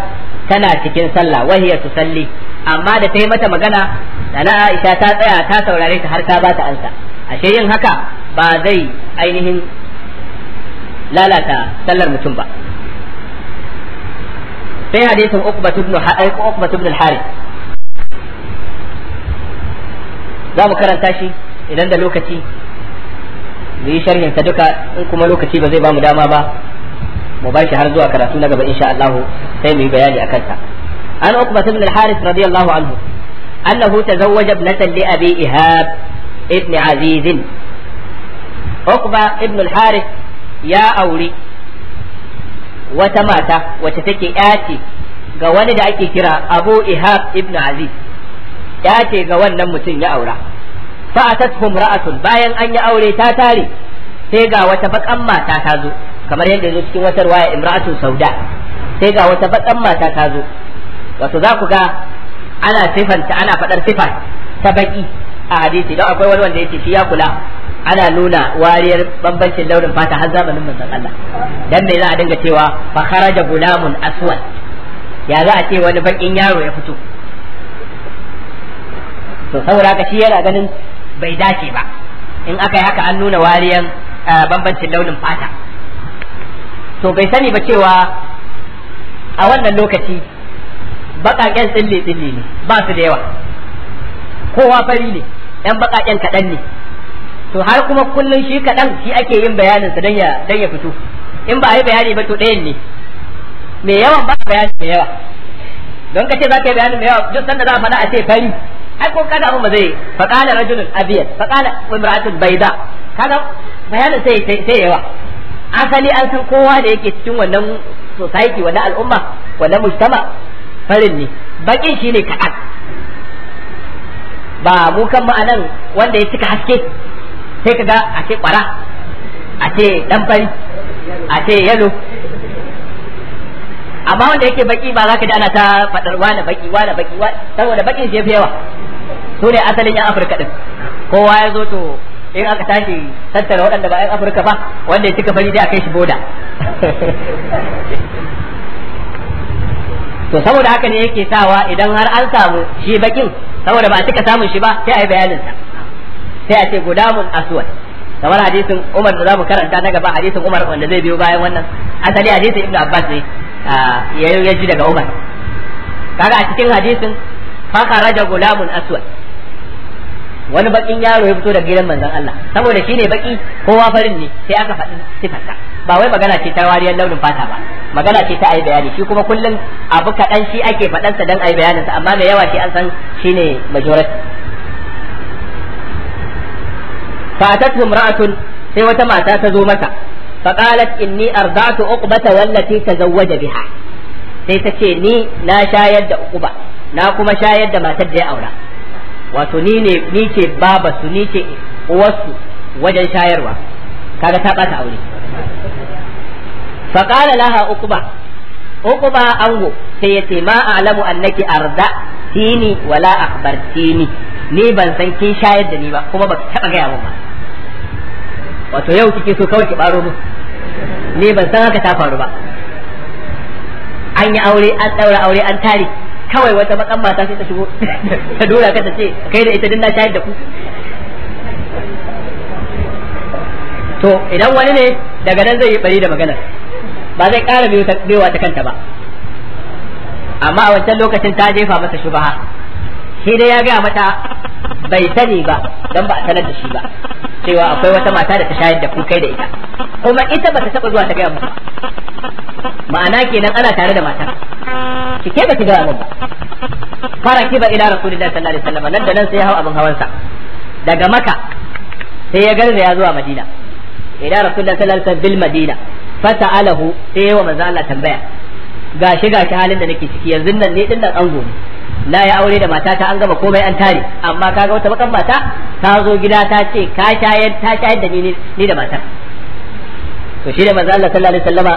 tana cikin sallah wahiya salli. amma da ta yi mata magana na Aisha ta tsaya ta saurare ta har ta ba ta ansa ashe yin haka ba zai ainihin lalata sallar mutum ba sai hadisin Uqbah ibn ibn al-Harith za mu karanta shi idan da lokaci mu yi sharhin ta duka in kuma lokaci ba zai ba mu dama ba mu ba shi har zuwa karatu na gaba insha Allah sai mu yi bayani akan ta an ukba ibn al-harith radiyallahu anhu annahu tazawwaja ibnatan li abi ihab ibn aziz ukba ibn al Haris ya auri wata mata wacce take yaci ga wani da ake kira abu ihab ibn aziz ya ce ga wannan mutum ya aura fa atathum ra'atun bayan an yi aure ta tare sai ga wata bakan mata ta zo kamar yadda zo cikin wata ruwaya imra'atu sauda sai ga wata bakan mata ta zo wato za ku ga ana sifanta ana faɗar sifa ta baƙi a hadisi don akwai wani wanda yake shi ya kula ana nuna wariyar bambancin launin fata har zamanin manzon Allah dan me za a dinga cewa fa kharaja gulamun aswad ya za a ce wani bakin yaro ya fito to saboda haka shi yana ganin bai dace ba in aka yi haka an nuna wariyan bambancin launin fata to bai sani ba cewa a wannan lokaci baƙaƙen tsille tsille ne ba su da yawa kowa fari ne yan baƙaƙen kaɗan ne to har kuma kullum shi kaɗan shi ake yin bayanin sa dan don ya fito in ba a yi bayani ba to ɗayan ne mai yawan ba bayani mai yawa don ka ce za ka yi bayani mai yawa duk sanda za a faɗa a ce fari ai ko kada abin ba zai faqala rajulun abiyad faqala imra'atun bayda kaga bayanin sai sai yawa asali an san kowa da yake cikin wannan society wannan al'umma wannan mujtama farin ne bakin ne kaɗan ba mu kan ma'anan wanda ya cika haske sai kaga a ce kwara a ce dan fari a ce yalo amma wanda yake baki ba za ka ji ana ta fadar wani baki wani baki saboda bakin shi yawa su ne asalin yan afirka din kowa ya zo to in aka tashi tattara waɗanda ba yan afirka ba wanda ya cika fari dai a kai shi boda to saboda haka ne yake sawa idan har an samu shi bakin saboda ba a cika samun shi ba sai a yi bayanin sa sai a ce gudamun aswad kamar hadisin Umar da zamu karanta na gaba hadisin Umar wanda zai biyo bayan wannan asali hadisin Ibn Abbas ne Ah, ya ji daga Umar kaga a cikin hadisin fakara da gulamun aswad wani bakin yaro ya fito daga gidan manzon Allah saboda shi ne baki kowa farin ne sai aka faɗi sifarsa ba wai magana ce ta wariyar launin fata ba magana ce ta ayi bayani shi kuma kullum abu kaɗan shi ake faɗansa don ayi bayaninsa amma mai yawa shi an san shi ne majority fatatum ra'atun sai wata mata ta zo masa فقالت إني أرضعت عقبة والتي تزوج بها sai ta ce ni na shayar da uba na kuma shayar da matar da ya aura wato ni ne ni ce baba su ni ce uwarsu wajen shayarwa kaga ta bata aure fa laha uqba uqba ango sai ya ce ma a'lamu annaki arda tini wala akhbartini ni ban san kin shayar da ni ba kuma baka taba gaya mun ba wato yau kike so kawai ki baro mu ne ban san haka ta faru ba an yi aure an daura aure an tare kawai wata bakan mata sai ta shigo ta dora ka ta ce kai da ita dinna shayar da ku to idan wani ne daga nan zai yi bari da maganar ba zai ƙara biyo ta kanta ba amma a wancan lokacin ta jefa masa shubaha sai dai ya gaya mata bai sani ba dan ba a sanar da shi ba cewa akwai wata mata da ta shayar da ku kai da ita kuma ita ba ta taba zuwa ta gaya ba ma'ana kenan ana tare da matar cike ba ki gaya ba fara kiba ila rasulillahi sallallahu alaihi wasallam nan da nan sai ya hau abin hawansa daga maka sai ya garza ya zuwa madina ila rasulullahi sallallahu alaihi wasallam bil madina fata'alahu sai wa manzo Allah tambaya gashi gashi halin da nake ciki yanzu nan ne din nan ango ne na ya aure da matata an gama komai an tare amma kaga wata bakan mata ta zo gida ta ce ka shayar ta shayar da ni ni da matar to shi da manzo Allah sallallahu alaihi wasallama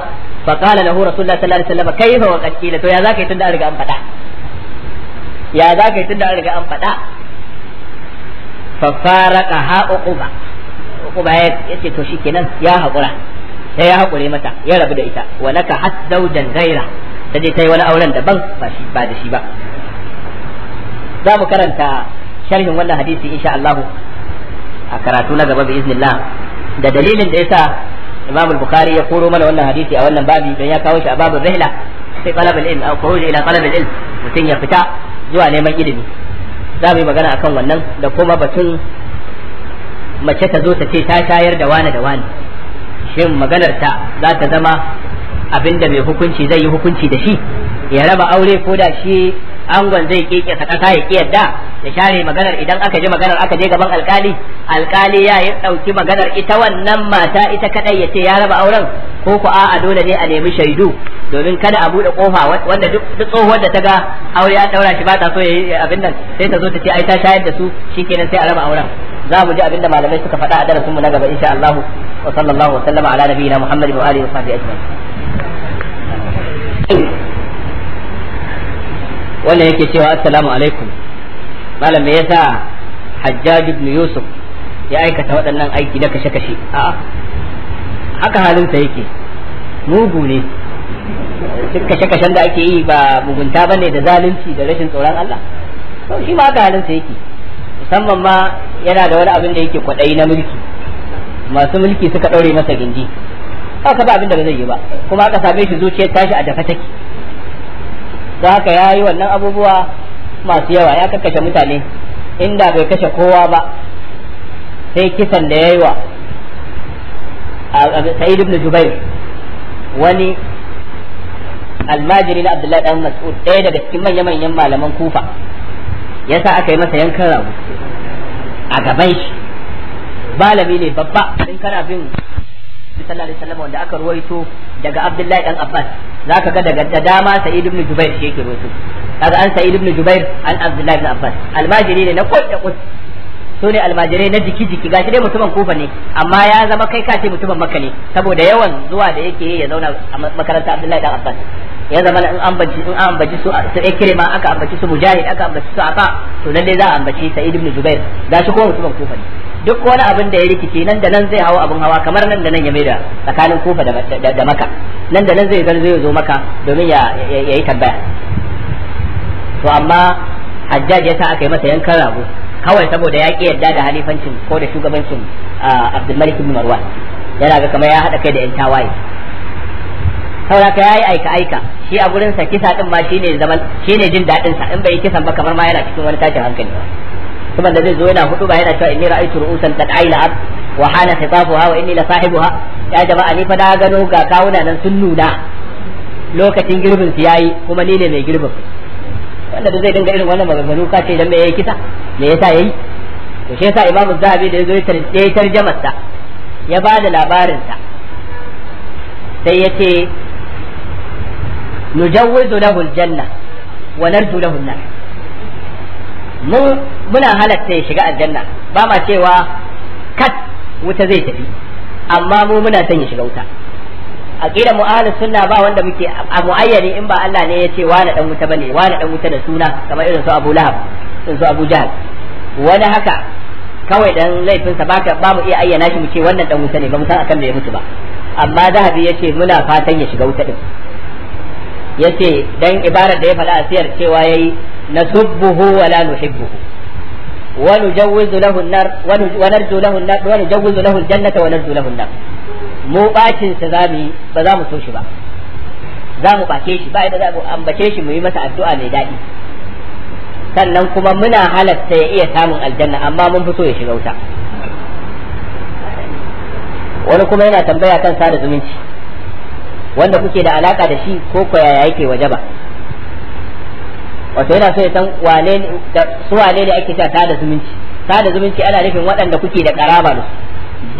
fa qala lahu rasulullah sallallahu alaihi wasallama kaifa wa qad qila to ya zaka yi tunda an riga an faɗa ya zaka yi tunda an riga an faɗa fa faraka ha uquba uquba yace to shikenan ya haƙura ya ya haƙure mata ya rabu da ita wa laka hasdaujan ghaira ta je ta yi wani auren daban ba da shi ba za mu karanta sharhin wannan hadisi insha Allah a karatu na gaba bi da dalilin da yasa Imam al-Bukhari ya koro mana wannan hadisi a wannan babi don ya kawo shi a babin rihla sai talab al-ilm au khuruj ila talab al-ilm mutun ya fita zuwa neman ilimi za mu yi magana akan wannan da kuma batun mace ta zo ta ce ta shayar da wani da wani shin maganar ta za ta zama abinda mai hukunci zai yi hukunci da shi ya raba aure ko da shi angon zai keke ta kasa ya kiyarda ya share maganar idan aka ji maganar aka je gaban alkali alkali ya yi dauki maganar ita wannan mata ita kadai ya ce ya raba auren ko ku a'a dole ne a nemi shaidu domin kada a bude kofa wanda duk tsohuwar da ta ga aure ya daura shi ba ta so yayi abin nan sai ta zo ta ce ai ta shayar da su shikenan sai a raba auren za mu ji abin da malamai suka faɗa a darasin na gaba insha Allah wa sallallahu wa sallama ala nabiyina Muhammad wa alihi wa sahbihi ajma'in wannan yake cewa assalamu alaikum malam me yasa hajjaj ibn yusuf ya aikata waɗannan aiki na kashe-kashe a haka halinsa yake mugu ne duk kashe-kashen da ake yi ba mugunta ba ne da zalunci da rashin tsoron Allah to shi ma haka halinsa yake musamman ma yana da wani abin da yake kwaɗayi na mulki masu mulki suka ɗaure masa gindi ka ba abin da ba zai yi ba kuma aka same shi zuciyar tashi a dafa take za haka ya yi wannan abubuwa masu yawa ya kakkashe mutane inda bai kashe kowa ba sai kisan da ya yi wa sa'id ibn jubair wani almajiri na abdullahi dan mas'ud ɗaya daga cikin manya-manyan malaman kufa yasa aka yi masa yankan rago a gaban shi malami ne babba in kana bin sallallahu alaihi wasallam wanda aka ruwaito daga Abdullahi dan Abbas zaka ga daga da dama Sa'id ibn Jubair shi yake ruwaito kaga an Sa'id ibn Jubair an Abdullahi Dan Abbas almajiri ne na kwai da kwai su ne almajirai na jiki jiki gashi dai mutumin kufa ne amma ya zama kai ka ce mutumin makka ne saboda yawan zuwa da yake ya zauna a makarantar Abdullahi dan Abbas ya zama in an baci in an baci su su ikrima aka ambaci su mujahid aka ambaci su afa to lalle za a ambaci sa'id ibn zubair da shi ko mutumin kufa ne duk wani abin da ya rikice nan da nan zai hawo abin hawa kamar nan da nan ya maida tsakanin kufa da maka nan da nan zai gar zai zo maka domin ya yi tambaya to amma hajjaj ya sa aka yi masa yankan rago kawai saboda ya ki yadda da halifancin ko da shugabancin ah, abdulmalik ibn marwan yana ga kamar ya haɗa kai da yan tawaye saboda ka yayi aika aika shi a gurin kisa din ba shine zaman shine jin dadin sa in bai yi kisan ba kamar ma yana cikin wani tashin hankali ba kuma da zai zo yana hudu ba yana cewa inni ra'aytu ru'usan qad aila wa hana khitafuha wa inni la sahibuha ya jama'a ni fa da gano ga kawuna nan sun nuna lokacin girbin su yayi kuma ni ne mai girbin wanda da zai dinga irin wannan maganganu ka ce dan me yayi kisa me yasa yayi to shi yasa imamu zahabi da yazo ya tarjamar sa ya bada labarin sa sai yace نجوز له الجنة ونرجو له النار mu muna halatta ya shiga aljanna ba ma cewa kat wuta zai tafi amma mu muna son ya shiga wuta a mu ahlus sunna ba wanda muke a muayyani in ba Allah ne ya ce wani dan wuta bane wani dan wuta da suna kamar irin su Abu Lahab irin su Abu Jahl wani haka kawai dan laifinsa baka ba mu iya ayyana shi mu ce wannan dan wuta ne ba mu san akan da ya mutu ba amma zahabi yace muna fatan ya shiga wuta din yace dan ibarar da ya faɗa a siyar cewa yayi nasubbuhu wa la nuhibbuhu wa nujawwizu lahu an-nar wa narju lahu an-nar wa nujawwizu lahu al-jannata wa narju lahu an-nar mu bacin sa zamu ba za mu so shi ba za mu bace shi ba yadda za mu ambace shi mu yi masa addu'a mai daɗi sannan kuma muna halatta ya iya samun aljanna amma mun fito ya shiga wuta wani kuma yana tambaya kan sada zumunci wanda kuke da alaka da shi ko ko yaya yake ba wato yana so ya san wane su wane ne ake cewa da zumunci ta da zumunci ana nufin waɗanda kuke da karaba da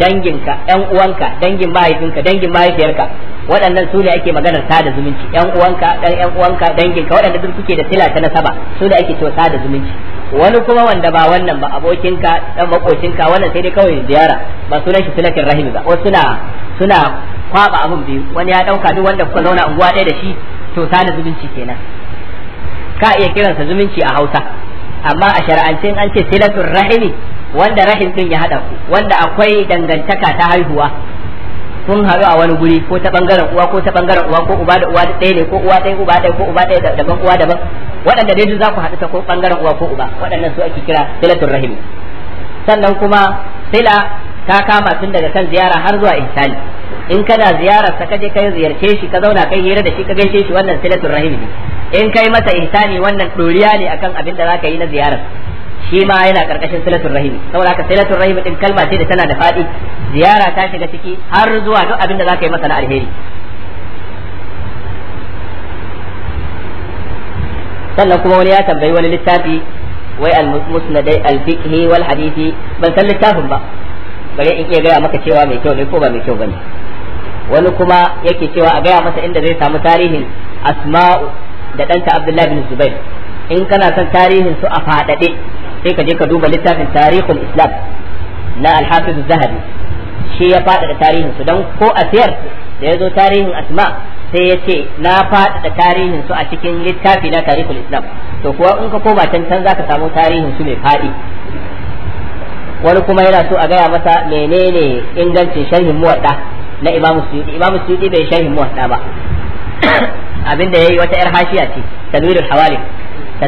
danginka ɗan uwanka dangin mahaifinka dangin mahaifiyarka waɗannan su ne ake maganar da zumunci yan uwanka ɗan ɗan uwanka danginka waɗanda duk kuke da sila ta nasaba su ne ake cewa da zumunci wani kuma wanda ba wannan ba abokinka dan makocinka wannan sai dai kawai ziyara ba sunan shi silatin rahimi ba wasu suna suna kwaba abun biyu wani ya dauka duk wanda kuka zauna unguwa ɗaya da shi to da zumunci kenan ka iya kiransa zumunci a Hausa amma a shar'ancin an ce silatul rahimi wanda rahim din ya hada ku wanda akwai dangantaka ta haihuwa sun haɗu a wani guri ko ta bangaren uwa ko ta bangaren uwa ko uba da uwa ɗaya ne ko uwa ɗaya uba ɗaya ko uba ɗaya daban uwa daban waɗanda dai duk za ku haɗu ta ko bangaren uwa ko uba waɗannan su ake kira silatul rahim sannan kuma sila ta kama tun daga kan ziyara har zuwa ihsani in kana ziyarar sa kaje kai ziyarce shi ka zauna kai hira da shi ka gaishe shi wannan silatul rahim ne in kai masa ihsani wannan doriya ne akan abin da zaka yi na ziyarar shi ma yana karkashin silatul rahim saboda haka silatul rahim din kalma ce da tana da fadi ziyara ta shiga ciki har zuwa duk abin da zaka yi masa na alheri sannan kuma wani ya tambayi wani littafi wai al-musnadai al-fiqhi wal hadisi ban san littafin ba bare in iya gaya maka cewa mai kyau ne ko ba mai kyau bane wani kuma yake cewa a gaya masa inda zai samu tarihin asma'u da ɗanta abdullahi bin zubair in kana son tarihin su a faɗaɗe sai ka je ka duba littafin tarihul islam na alhafiz zahabi shi ya faɗaɗa tarihin su don ko a siyar da ya zo tarihin asma sai ya ce na faɗaɗa tarihin su a cikin littafi na tarihul islam to kuwa in ka koma can can za ka samu tarihin su mai faɗi wani kuma yana so a gaya masa menene ingancin sharhin muwadda na imam suyuti imam suyuti bai sharhin muwadda ba abinda yayi wata yar hashiya ce tanwirul hawali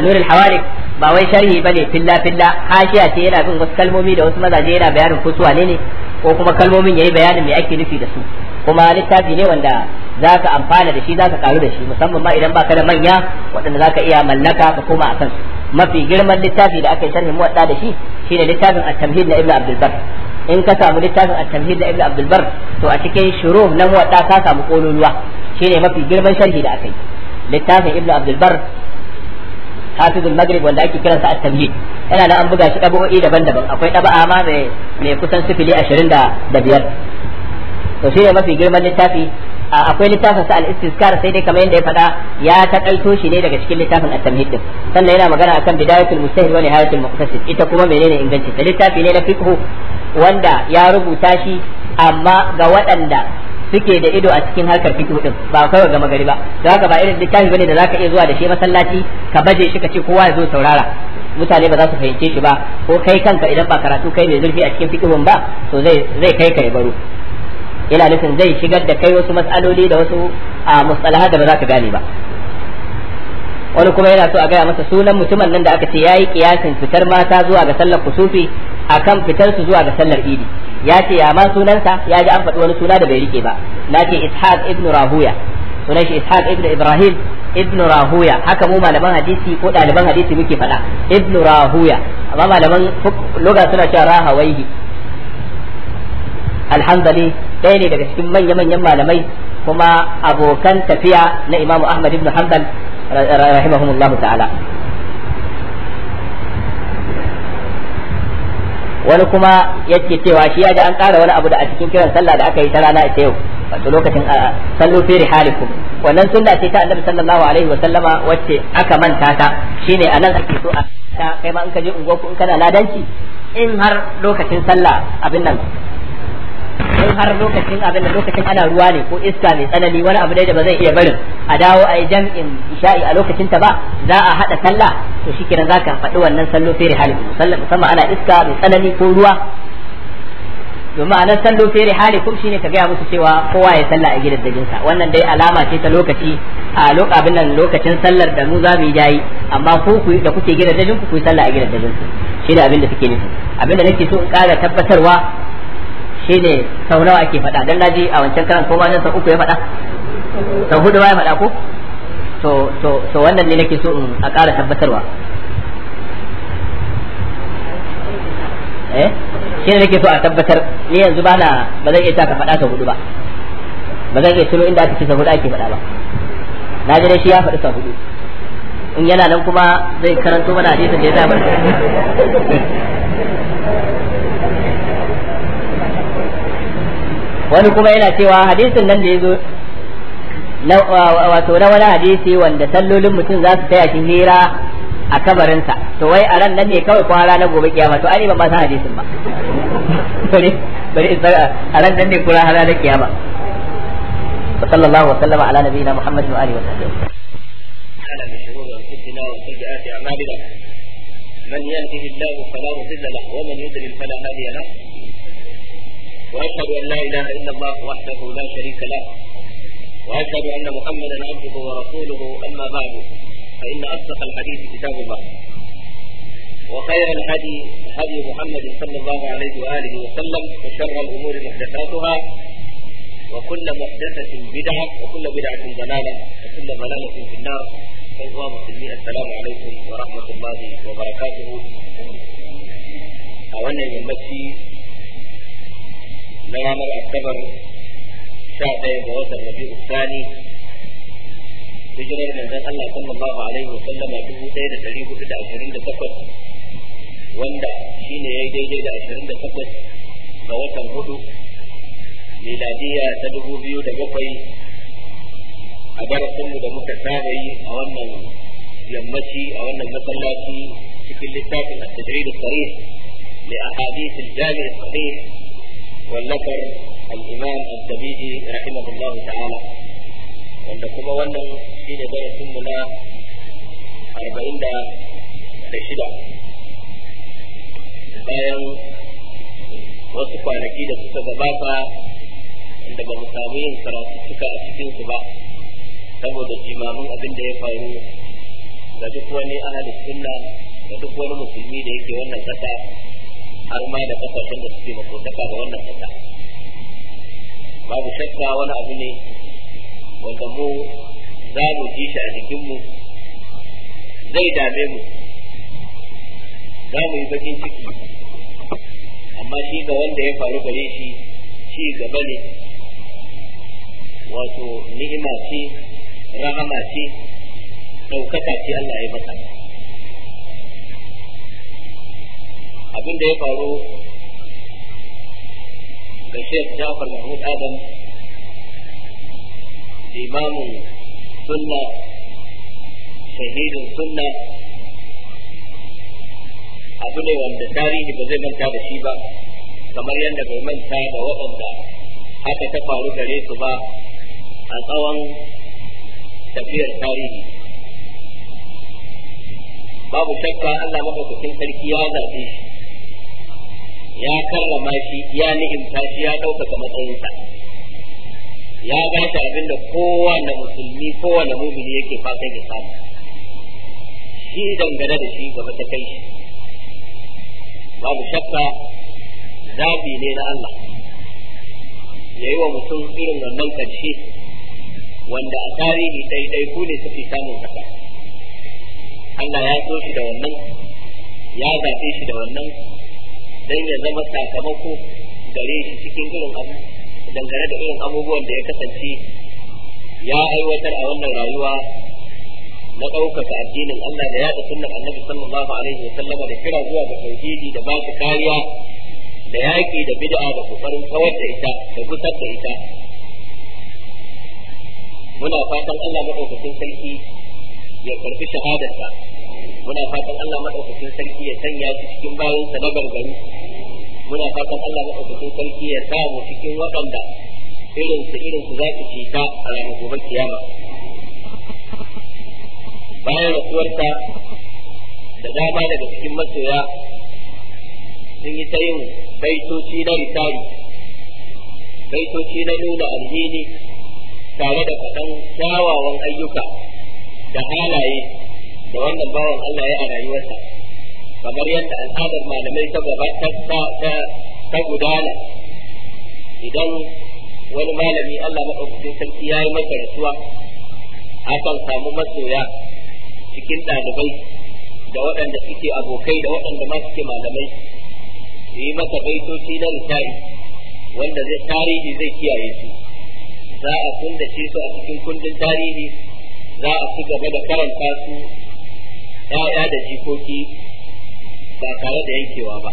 da hawari ba wai sharhi bane filla filla hashiya ce yana bin wasu kalmomi da wasu mazaje yana bayanin ko su wane ne ko kuma kalmomin yayi bayanin me ake nufi da su kuma littafi ne wanda zaka amfana da shi zaka karu da shi musamman ma idan baka da manya waɗanda zaka iya mallaka ka koma akan mafi girman littafi da aka yi sharhin muwadda da shi shine littafin at-tamhid na ibnu abdul bar in ka samu littafin at-tamhid na ibnu abdul bar to a cikin shuruh na muwadda ka samu kololuwa shine mafi girman sharhi da aka yi littafin ibnu abdul bar hafizul maghrib wanda ake kiransa at-tamhid yana da an buga shi dabo'i daban-daban akwai daba'a ma mai mai kusan sifili 25 to shi ne mafi girman littafi akwai littafin sa al-istizkar sai dai kamar yadda ya faɗa ya takaito shi ne daga cikin littafin at-tamhid din sannan yana magana akan bidayatul mustahil wa nihayatul muqtasid ita kuma menene inganci da littafi ne na fiqh wanda ya rubuta shi amma ga waɗanda suke da ido a cikin harkar fito din ba kawai gama gari ba don haka ba irin littafi bane da zaka iya zuwa da shi masallaci ka baje shi ka ce kowa ya zo saurara mutane ba za su fahimce shi ba ko kai kanka idan ba karatu kai mai zurfi a cikin fikihun ba to zai zai kai ka ya baro ina nufin zai shigar da kai wasu matsaloli da wasu a mustalaha da ba za ka gane ba wani kuma yana so a gaya masa sunan mutumin nan da aka ce yayi kiyasin fitar mata zuwa ga sallar kusufi akan fitar su zuwa ga sallar idi ya ce ya ma sunansa ya ji an faɗi wani suna da bai rike ba na ce ishaq ibnu rahuya sunan shi ishaq ibnu ibrahim ibnu rahuya haka mu malaman hadisi ko ɗaliban hadisi muke faɗa ibnu rahuya amma malaman loga suna cewa rahawaihi alhamdali ɗaya ne daga cikin manya manyan malamai kuma abokan tafiya na imamu ahmad ibnu hanbal rahimahumullahu ta'ala wani kuma yake cewa shi ya ji an ƙara wani abu da a cikin kiran sallah da aka yi ta rana ita yau wato lokacin sallu fi rihalikum wannan sunna ce ta annabi sallallahu alaihi wa sallama wacce aka manta ta shine anan ake so a ta kai ma in ka je ku in kana ladanci in har lokacin sallah abin nan in har lokacin abin da lokacin ana ruwa ne ko iska mai tsanani wani abu dai da ba zai iya barin a dawo a yi jam'in isha'i a lokacin ta ba za a hada sallah to shikenan zaka faɗi wannan sallo fi rihali musamman ana iska mai tsanani ko ruwa domin a nan sallo fi rihali kum shine ka gaya musu cewa kowa ya sallah a gidaddajinsa wannan dai alama ce ta lokaci a abin nan lokacin sallar da mu za mu yi yayi amma ku ku da kuke gidaddajin ku ku yi sallah a gidaddajin su shine abin da suke nufi abin da nake so in ƙara tabbatarwa shine sau nawa ake faɗa dan naji a wancan karan ko ma nan sau uku ya faɗa sau hudu ba ya faɗa ko to to to wannan ne nake so in a ƙara tabbatarwa eh ne nake so a tabbatar ni yanzu ba na ba zan iya taka faɗa sau hudu ba ba zan iya tuno inda ake ce sau hudu ake faɗa ba na ji dai shi ya faɗi sau hudu in yana nan kuma zai karanto mana hadisin da ya zama wani kuma yana cewa hadisin nan da ya zo wato na wani hadisi wanda sallolin mutum za su taya shi hira a kabarinsa to wai a ran nan ne kawai kwara na gobe kiyama to ai ba ba san hadisin ba bari bari a ran nan ne kura hana na kiyama وصلى الله وسلم على نبينا محمد واله وصحبه. على من شرور انفسنا وسيئات اعمالنا من يهده الله فلا مضل له ومن يضلل فلا هادي له وأشهد أن لا إله إلا الله وحده لا شريك له وأشهد أن محمدا عبده ورسوله أما بعد فإن أصدق الحديث كتاب الله وخير الهدي هدي محمد صلى الله عليه وآله وسلم وشر الأمور محدثاتها وكل محدثة بدعة وكل بدعة ضلالة وكل ضلالة في النار أيها المسلمين السلام عليكم ورحمة الله وبركاته أولا يمتي نوام الأكبر شعب بوضع النبي الثاني بجرر من ذات الله صلى الله عليه وسلم أبوه سيد تريه في العشرين لتفت واندع شين يجي جيد عشرين لتفت بوضع الهدو ميلادية تدعو بيو دبقي أبرا سمو دمتساوي أولا يمشي أولا مسلاتي في اللساة التجريد الصريح لأحاديث الجامع الصحيح والنكر الإمام al رحمه rahimahullahu ta'ala, wanda kuma wannan shi ne sun na arba'in da shida bayan wasu kwanaki da suka gabata inda ba mu samu yin karatu suka a cikinsu ba saboda jimamin abin da ya faru ga duk wani ahalin sunna da duk wani musulmi da yake wannan kasa har ma da kasashen da suke makotaka da wannan kasa babu shakka wani abu ne wanda mu za mu ji shi a jikinmu zai dame mu za mu yi bakin ciki amma shi ga wanda ya faru gare shi ci gaba ne wato ni'ima ce rahama ce ɗaukaka ce Allah ya masa abin da ya faru ga Sheikh Jafar Mahmud Adam imamun sunna shahidin sunna abu ne wanda tarihi ba zai manta da shi ba kamar yadda bai manta da waɗanda haka ta faru gare su ba a tsawon tafiyar tarihi babu shakka Allah maɗaukakin sarki ya zaɓe shi ya karrama shi ya ni'imta shi ya ɗaukaka matsayinsa ya ga shi abin da kowane musulmi kowane mumini yake fatan ya samu shi dangane da shi gaba ta kai shi babu shakka zabi ne na Allah ya yi wa mutum irin wannan ƙarshe wanda a tarihi daidai ku ne suke samun haka Allah ya so shi da wannan ya zaɓe shi da wannan dan ya zama sakamako gare shi cikin irin abu dangane da irin abubuwan da ya kasance ya aiwatar a wannan rayuwa na ɗaukaka addinin Allah da yaɗa sunnar annabi sallallahu alaihi wa da kira zuwa ga tauhidi da ba su kariya da yaƙi da bid'a da kokarin kawar da ita da gusar da ita muna fatan Allah madaukakin sarki ya karbi shahadarsa muna fatan Allah madaukakin sarki ya sanya shi cikin bayan sa na gargari muna fatan Allah madaukakin sarki ya sa mu cikin waɗanda irin su irin su za su ci ta a ranar gobe kiyama bayan rasuwarta da dama daga cikin masoya sun yi ta yin baitoci na ritari baitoci na nuna alhini tare da faɗan kyawawan ayyuka da halaye da wannan bawan Allah ya a rayuwarsa kamar yadda al'adar malamai ta gaba ta gudana idan wani malami Allah maɗaukakin sarki ya yi masa rasuwa akan samu masoya cikin ɗalibai da waɗanda suke abokai da waɗanda ma suke malamai su yi masa baitoci na ritari wanda zai tarihi zai kiyaye su za a kundace su a cikin kundin tarihi za a ci gaba da karanta su ya'ya da jikoki ba tare da yankewa ba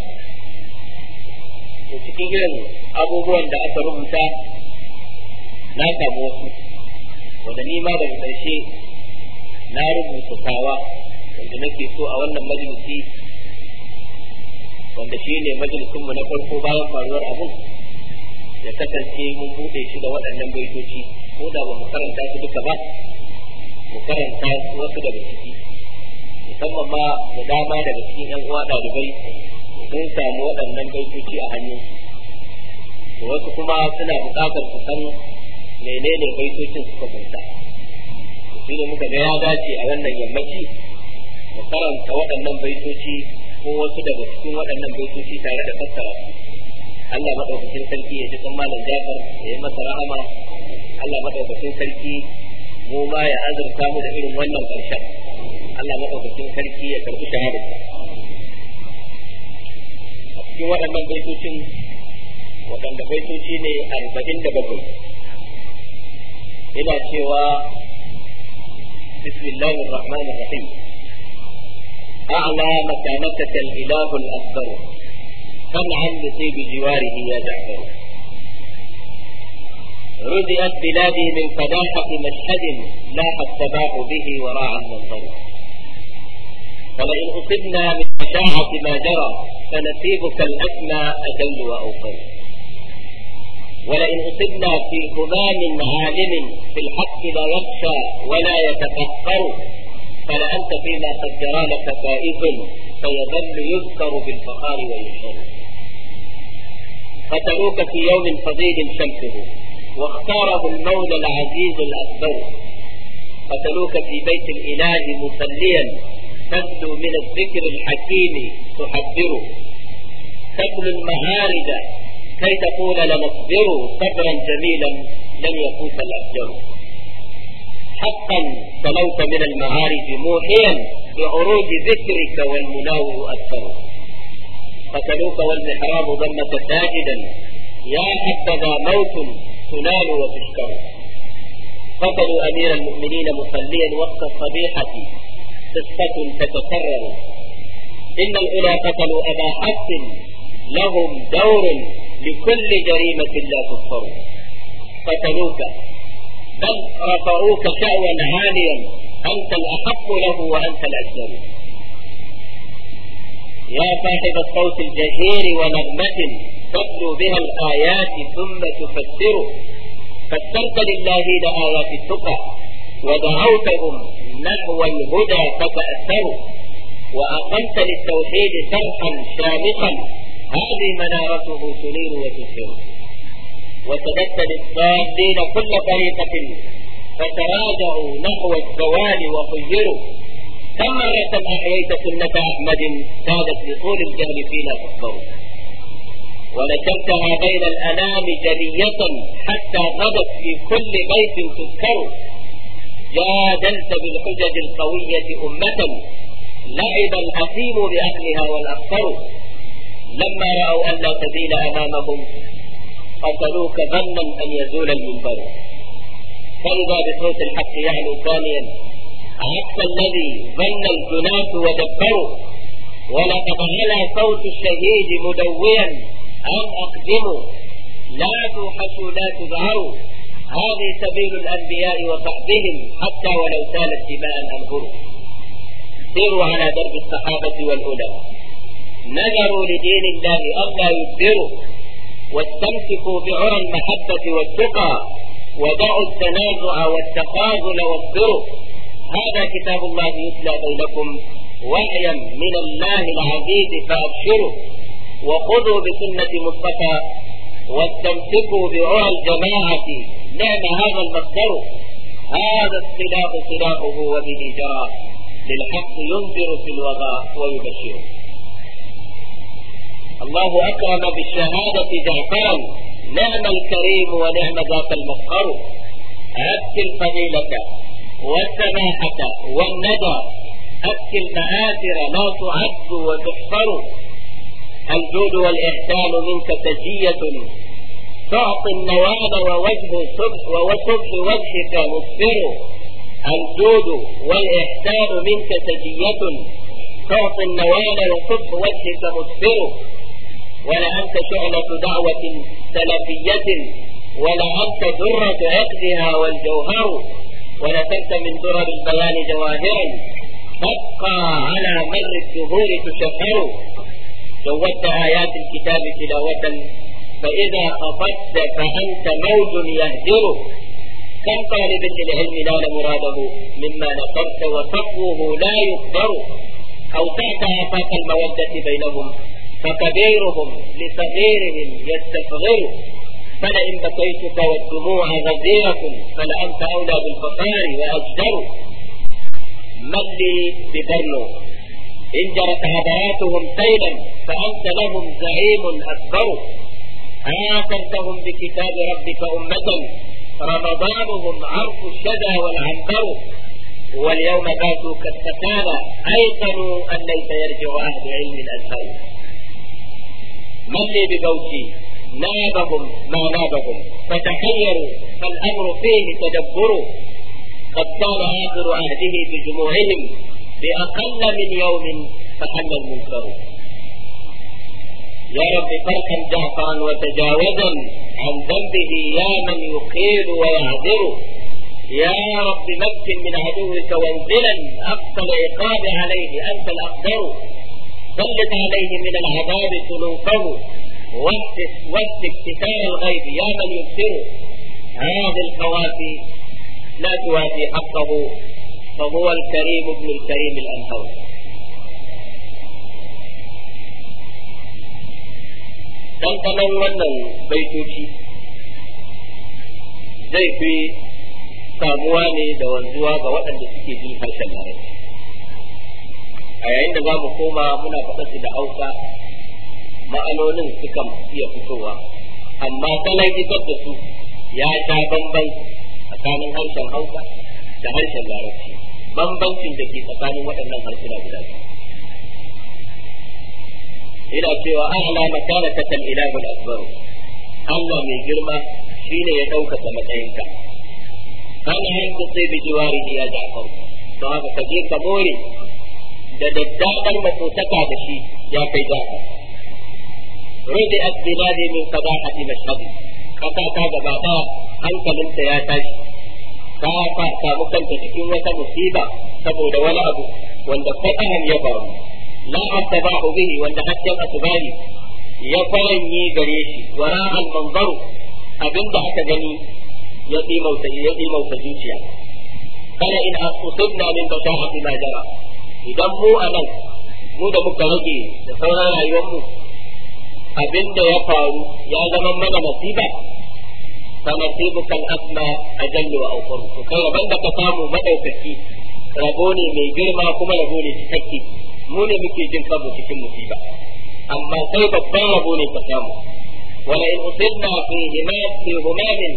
cikin irin abubuwan da aka rubuta na samu wasu wanda ni ma daga ƙarshe na rubuta kawa wanda nake so a wannan majalisi wanda shi ne majalisinmu na farko bayan faruwar abin da kasance mun buɗe shi da waɗannan baitoci ko da ba mu karanta su duka ba mu karanta wasu daga ciki musamman ma da dama daga cikin yan uwa ɗalibai sun samu waɗannan baitoci a hannun da wasu kuma suna buƙatar su san menene baitocin suka kunta shi ne muka ga ya dace a wannan yammaci mu karanta waɗannan baitoci ko wasu daga cikin waɗannan baitoci tare da fassara su Allah madaukakin sarki ya ji kan malam Jafar ya yi masa rahama Allah madaukakin sarki mu ma ya azurta mu da irin wannan ƙarshen Allah madaukakin sarki ya karbi shahadar a cikin waɗannan baitocin waɗanda baitoci ne arba'in da bakwai ina cewa bismillahir rahmanir rahim أعلى مكانتك الإله الأكبر فانعم بطيب جواره يا جعفر رزئت بلادي من فداحة مشهد لاح الصباح به وراء المنظر ولئن أصبنا من بشاعة ما جرى فنسيبك الأدنى أجل وأوقل ولئن أصبنا في همام عالم في الحق لا يخشى ولا يتفكر فلأنت فيما قد جرى لك فائز فيظل يذكر بالفخار وينشر قتلوك في يوم فضيل شمسه واختاره المولى العزيز الأكبر قتلوك في بيت الإله مصليا أشد من الذكر الحكيم تحذر سبل المهارد كي تقول لنصبر صبرا جميلا لن يفوت الأجر حقا صلوت من المهارج موحيا بعروج ذكرك والمناو أكثر قتلوك والمحراب ضمك ساجدا يا حبذا موت تنال وتشكر قتلوا أمير المؤمنين مصليا وقت الصبيحة قصة تتكرر إن الأولى قتلوا أبا حفص لهم دور لكل جريمة لا تذكر قتلوك بل رفعوك شأوا عاليا أنت الأحق له وأنت الأكثر يا صاحب الصوت الجهير ونغمة تبدو بها الآيات ثم تفسر فسرت لله آيات التقى ودعوتهم نحو الهدى فتأثروا وأقمت للتوحيد سمحا شامخا هذه منارته تنير وتسر وسددت للضالين كل طريقة فتراجعوا نحو الزوال وخيروا كم مرة أحييت سنة أحمد كادت لطول الجهل فينا تكبر ونشرتها بين الأنام جلية حتى غدت في كل بيت تذكر جادلت بالحجج القوية أمة لعب الأثيم بأهلها والأكثر لما رأوا أن لا سبيل أمامهم قتلوك ظنا أن يزول المنبر فإذا بصوت الحق يعلو ثانيا عكس الذي ظن الجناة ودبروا ولقد على صوت الشهيد مدويا أن أقدموا لا توحشوا لا تظهروا هذه سبيل الأنبياء وصحبهم حتى ولو سالت دماء أنهرهم سيروا على درب الصحابة والعلماء نذروا لدين الله أم لا يدبروا واستمسكوا بعرى المحبة والتقى ودعوا التنازع والتخاذل والذرب هذا كتاب الله يتلى بينكم وحيا من الله العزيز فأبشروا وخذوا بسنة مصطفى واستمسكوا بعرى الجماعة نعم هذا المصدر هذا السلاح سلاحه وبه جرى للحق ينذر في الوغى ويبشر الله أكرم بالشهادة جعفرا نعم الكريم ونعم ذاك المفخر أبت الفضيلة والسماحة والندى أبت المآثر لا تعد وتحصر الجود والإحسان منك تجية تعطي النوال ووجه صبح وصبح وجهك مصبر الجود والإحسان منك تجية تعطي النوال وصبح وجهك مصبر ولا أنت شعلة دعوة سلفية ولا أنت درة عقدها والجوهر ولست من درر البيان جواهرا تبقى على مر الدهور تشهر جودت آيات الكتاب تلاوة فإذا خفضت فأنت موج يهجرك كم طالب للعلم نال مراده مما نصرت وصفوه لا يقدر أوسعت آفاق المودة بينهم فكبيرهم لصغيرهم يستصغر فلئن بقيتك والدموع غزيرة فلأنت أولى بالفقار وأجدر من لي ببرلو إن جرت هباتهم سيلا فأنت لهم زعيم أكبر آثرتهم بكتاب ربك أمة رمضانهم عرف الشدى والعنبر واليوم باتوا كالسكالى أيقنوا أن ليس يرجع أهل علم الأسفل من لي بزوجي نابهم ما نابهم فتحيروا فالأمر فيه تدبر قد كان آخر عهده بجموعهم بأقل من يوم فحل المنكر يا رب تركا جعفرا وتجاوزا عن ذنبه يا من يقيل ويعذر يا رب مكن من عدوك وانزلا أقصى العقاب عليه أنت الأقدر سلط عليه من العذاب سلوكه واسك كتاب الغيب يا من يبصره هذه الكوافي لا توافي حقه فهو الكريم ابن الكريم الأنهوي ɗanɗanon wannan baitoci zai fi samuwa ne da wanzuwa ga waɗanda suke jin harshen larabci a yayin da za mu koma muna faɗa su da hausa ma'anonin sukan iya fitowa amma salon isar da su ya sha bamban tsakanin harshen hausa da harshen larabci bambancin da ke tsakanin waɗannan harsuna guda biyu ina cewa an ala makana ta kan ilahul akbar Allah mai girma shine ya ɗaukata matsayinka kana yin kusa bi jiwari ya ja'far to haka ka je ka more da daddaɗar matsotaka da shi ya kai ja'far rudi asbilani min sabahati mashhabi kasa ta gaba ɗaya hankalinta ya tashi ka fa samu kanta cikin wata musiba saboda wani abu wanda fatahan ya faru la attabahu bihi wanda hakkan asbani ya faranye gare shi wara al manzaru abinda aka gani ya tsimauta ya tsimauta zuciya kana in asubna min basahati ma jara idan mu anan mu da muka rage da sauran rayuwar mu abinda ya faru ya zama mana musiba kama sai bukan asma a jalli wa aukuru to kai da ka samu madaukaki rabo ne mai girma kuma rabo ne cikakke mu ne muke jin kanmu cikin musiba amma sai babban rabo ne ka samu wala in usibna fi himati humamin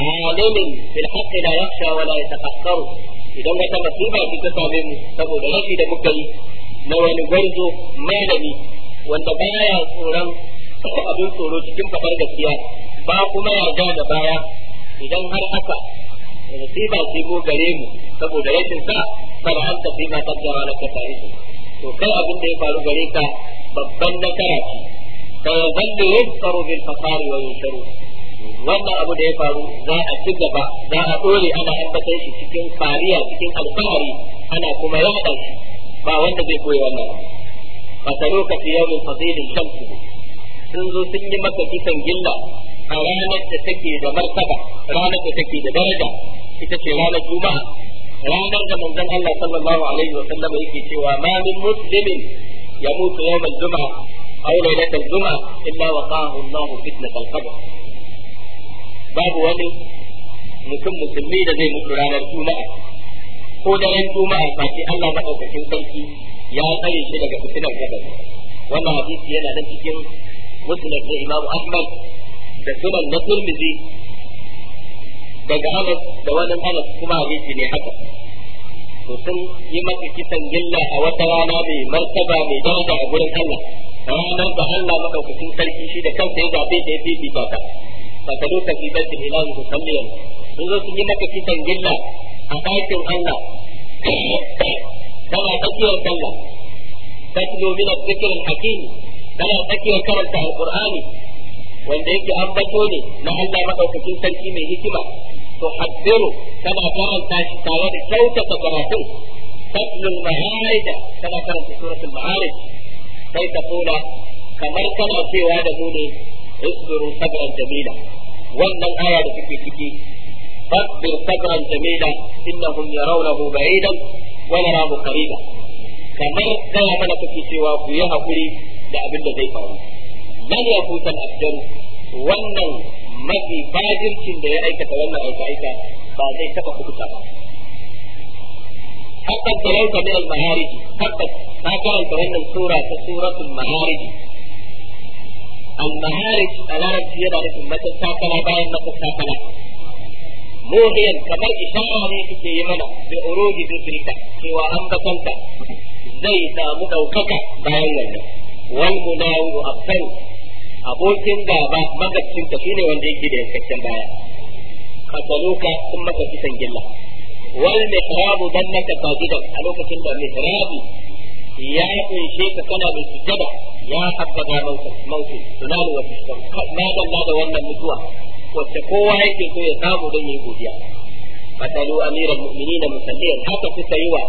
alimin fil haqqi la yakhsha wa la yatafakkar idan wata musiba ce ta same mu saboda rashi da muka na wani gwarzo malami wanda baya tsoron abin tsoro cikin kafar gaskiya ba kuma yarda da baya idan har haka musiba ce mu gare mu saboda rashin sa kada an tafi ma kaddara na ka tarihi to kai abin da ya faru gare ka babban nasara ce fa yazallu yuzkaru bil fakari wa yusharu wannan abu da ya faru za a ci gaba za a dole ana ambata shi cikin fariya cikin alfahari ana kuma yada shi ba wanda zai koyi wannan fa ta lokaci yawmin fadilin shamsu sun zo sun yi maka kisan gilla a ranar da take da martaba ranar da take da daraja ita ce ranar juma'a ranar da manzon Allah sallallahu alaihi wa sallam yake cewa ma min muslimin yamutu yawm al-jum'a aw laylat al-jum'a illa waqahu Allah fitnat al-qabr babu wani mutum musulmi da zai mutu ranar juma'a ko da ran juma'a face Allah madaukakin sarki ya tsare shi daga fitinar kabari wannan hadisi yana da cikin musnad da Imam Ahmad da sunan na turmizi daga anas da wani anas kuma hadisi ne haka to sun yi maka kisan gilla a wata rana mai martaba mai daraja a gurin Allah ranar da Allah madaukakin sarki shi da kansa ya zabe da ya fi baka ba ka duka fi bacin ilahi ku kalliyan sun zo sun yi maka kisan gilla a ɗakin Allah kana tsakiyar sallah tatlo min al-dhikr al-hakim kana tsakiyar karanta al-qur'ani wanda yake ambato ne na Allah madaukakin sarki mai hikima to haddiru tana karanta shi tare da kyautata karatun تتلو المعارج كما كان في سورة المعارج كي تقول كما كان في هذا هوني اصبروا صبرا Jamila. wannan aya da take ciki fasbir sabran jamila innahum yarawnahu ba'idan wa narahu qariba kamar kana mana kuke cewa ku yi hakuri da abin da zai faru man ya kutal abdaru wannan mafi bajircin da ya aikata wannan aika aika ba zai taba kubuta ba hakan al-mahariji hakan na karanta wannan sura ta suratul mahariji al-maharij a larabci yana nufin matattakala bayan matattakala muhiyan kamar ishara ne suke yi mana bi uruji zikrika cewa an kasanta zai samu ɗaukaka bayan wannan wal abokin gaba magacinka shine wanda yake da yankakken baya qataluka kuma ka kisan gilla wal mihrabu dannaka sajidan a lokacin da mihrabu ya kunshe ka kana da sujada ya habbaba mautu tunanu wa tashkur ma dalla da wannan mutuwa wacce kowa yake so ya samu don yi godiya qatalu Amiran mu'minina musalliyan haka suka yi wa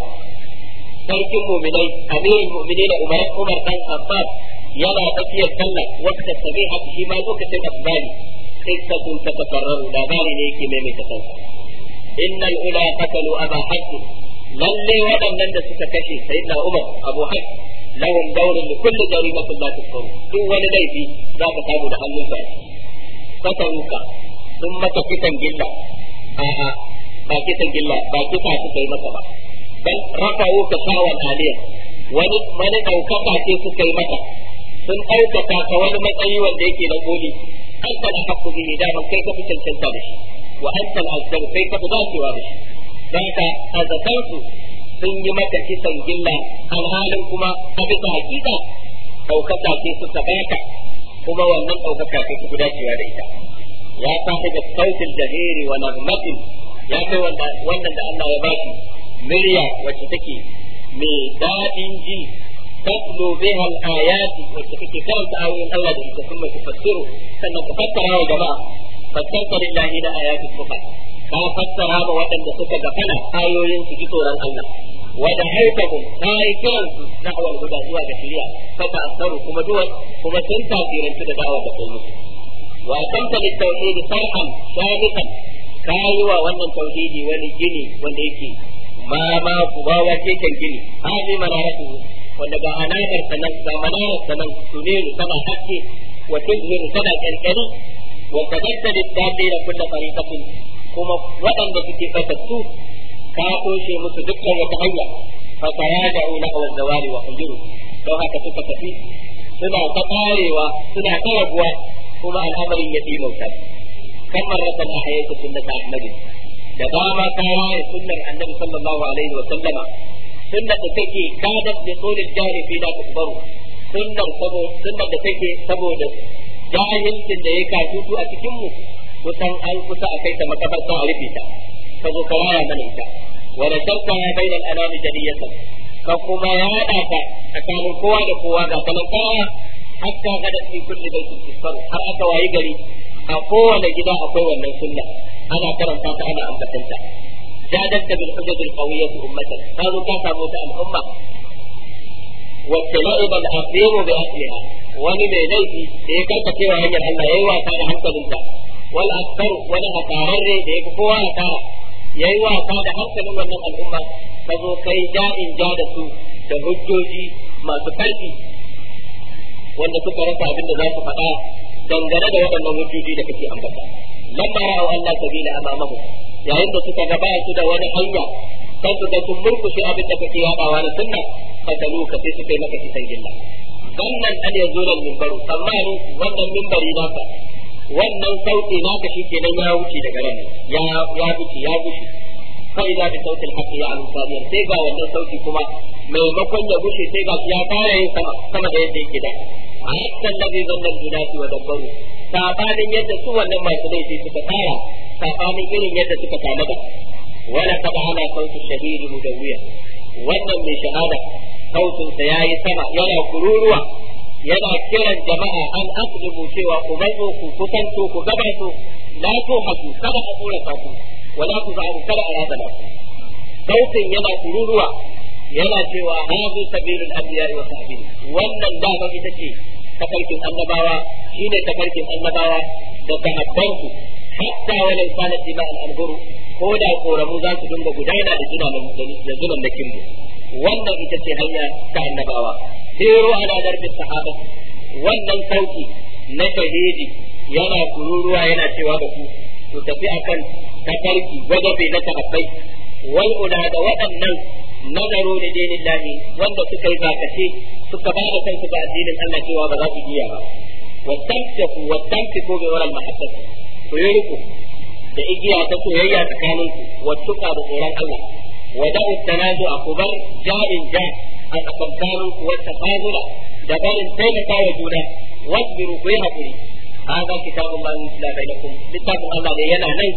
sarkin mu'minai amirul mu'minina umar umar dan khattab yana tafiyar sallah wata sabi haka shi ma lokacin asbani qissatun tatakarraru labari ne yake maimaita kansa innal ula qatalu aba hafs lalle waɗannan da suka kashe sayyidina umar abu hafs lahum dawrun li kulli jarimatin la tukfaru duk wani laifi za ka samu da hannun hannunsa fataruka sun mata kitan gilla a'a ba kitan gilla ba kita su kai maka ba bal rafa'u ka sawa aliyah wani wani daukaka ce suka yi maka sun ɗaukaka ka wani matsayi wanda yake na koli an ta haƙƙu bihi da kai ka fi cancanta da shi wa an ta azzabu kai ka fi dacewa da shi don ka azakansu sun yi maka kisan gilla alhalin kuma a bisa hakika ɗaukaka ce suka baka kuma wannan ɗaukaka ce suka dacewa da ita ya sa daga sautin jahiri wa nazmatin ya kai wannan da Allah ya bashi murya wacce take mai daɗin ji تتلو بها الآيات وتفكي كرم تأويل الله دي ثم تفسره سنة تفسر يا جماعة فسرت لله إلى آيات الفقه ka fassara ma waɗanda suka gafana ayoyin su tsoron Allah wada haitahum ka yi kiran su na ga shari'a fa ta asaru kuma duwan kuma sun tasirantu da dawar da kai musu wa tamta li tauhid sarhan shahidan ka yi wa wannan tauhidi wani gini wanda yake ma ma ku ba wace kan gini hadi wanda ga anakar sanan ga manarar sanan tuniru sama hakke wa tuzmiru tana kankani wa kadatta littafi da kulla fariqatin kuma waɗanda suke su, ka toshe musu dukkan wata hanya fa sayada'u laka wa zawali wa hujuru don haka suka tafi suna ta karewa suna ta rabuwa kuma al'amarin ya fi mauta kamar rasan ahayatu sunnata ahmadin da dama ta raya sunnar annabi sallallahu alaihi wa sallama sunnar da take kadat da tsolin jahili da kusbaru sunnar sabo sunnar da take saboda jahilcin da ya katutu a cikin mu kusan an kusa a kai ta makabarta a rufe ta ka zo ka waya mana ita wa nasarta ya bayyana alami jariyatan ka kuma yada ta tsakanin kowa da kowa ga kaman kowa hatta gada fi kulli baitin tisfaru har aka wayi gari a kowane gida akwai wannan sunna ana karanta ta ana ambatanta ازدادت بالحجج القوية أمة قالوا كاسا موتا الأمة والتلائب بأهلها wani mai laifi da ya karkace a hanyar Allah ya yi wasa da hankalinta wal aktar wani hasararre da ya fi kowa hasara ya yi wasa da hankalin wannan al'umma karfi wanda suka rasa abin da za su faɗa dangane da waɗannan hujjoji da kake ambata lamma ra'au Allah sabila amamahu yayin da suka ga ba su da wani hanya kan su da sun murkushe abin da kake yadawa na sunna fatalu ka sai su kai maka kitan gilla wannan an yanzu da mimbaru tsammani wannan mimbari ka wannan sauti shike nan ya wuce daga nan ya ya wuce ya wuce kai da sautin haƙi ya alƙaliya sai ga wannan sauti kuma maimakon ya wuce sai ga ya fara yin sama sama da yadda yake da a yakan gida zannan dunasi wa dabbaru sabanin yadda su wannan masu laifi suka tsara sabanin irin yadda suka samu ba wala qad ala sautu shahid mudawiya wannan mai shahada sautin sa yayi sama yana kururuwa yana kiran jama'a an aslimu cewa ku bazo ku kusanto ku gabato la to haku kada a tsora ku wala ku ba'u kada a razana ku sautin yana kururuwa yana cewa hadu sabilul anbiya wa sahabi wannan dama ita ce tafarkin annabawa shine tafarkin annabawa da sahabbanku hatta walau kana sima al-anhur ko da koramu za su dinga gudana da jina da zunan da kinmu wannan ita ce hanya ta annabawa siru ala darbi sahaba wannan sauki na shahidi yana kururuwa yana cewa da ku ku tafi akan tafarki gwadabe na sahabbai wal ula da waɗannan nazaru da dinin lahi wanda suka yi bakashe suka ba da kansu ga addinin Allah cewa ba za su iya ba wa tamsiku wa tamsiku bi wurin mahabbati koyar ku da igiya ta soyayya tsakanin ku wa tuka da tsoron Allah wa da ustana a kubar ja'in ja a tsakankanin ku wata fazula da barin taimaka wa juna wasbiru ku yi haƙuri a za kitabun ba mu da littafin Allah ne yana nan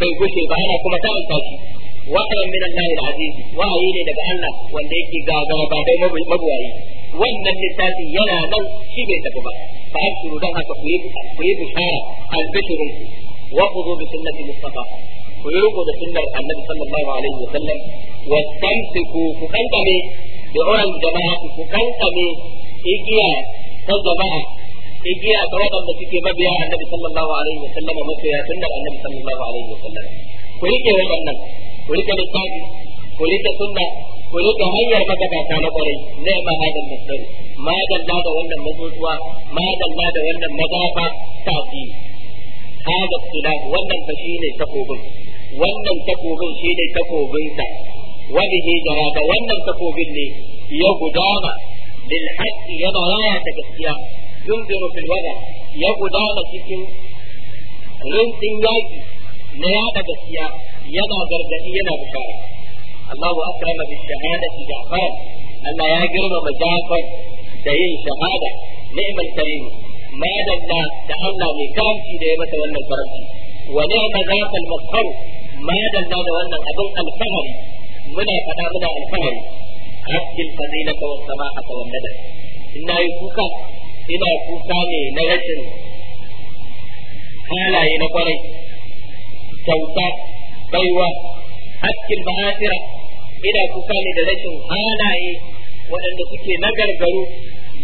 bai gushe ba ana kuma karanta shi wa'ayin min Allah aziz wa'ayi ne daga Allah wanda yake gagara ba dai mabuwayi wannan littafin yana nan shi bai tafi ba fa akuru dan haka ku yi ku yi bishara al-bishrun wa khudhu bi sunnati mustafa ku yi riko da sunnar annabi sallallahu alaihi wa sallam wa tamsiku ku kankame bi oran jama'a ku kankame igiya ta jama'a igiya ta waɗanda suke mabiya annabi sallallahu alaihi wa sallam mabiya sunnar annabi sallallahu alaihi wa sallam ku rike waɗannan ku rika littafi ku rika sunna ku rika hanyar matakata na kwarai zai ma hadin masdari ma dalla da wannan matsotsuwa ma dalla da wannan magafa ta fi hada silah wannan fa shine takobin wannan takobin shine ta, wani bihi jarada wannan takobin ne ya gudana lil haqqi yana raya ta gaskiya yunziru fil wada ya gudana cikin rintsin yaki na yada gaskiya yana gargaɗi yana bishara Allahu akrama bi shahadati Ja'far Allah ya girmama Ja'far da yin shahada ni'mal karim ma dalla da Allah mai karanci da ya masa wannan karanci wa ni'ma zaqal mazhar ma da wannan abin alfahari muna fada muna alfahari asjil fadilata wa samahata wa nadal ina yi kuka ina kuka ne na rashin halaye na kwarai kyauta baiwa hakkin ba'atira ina kuka ne da rashin halaye waɗanda suke gargaru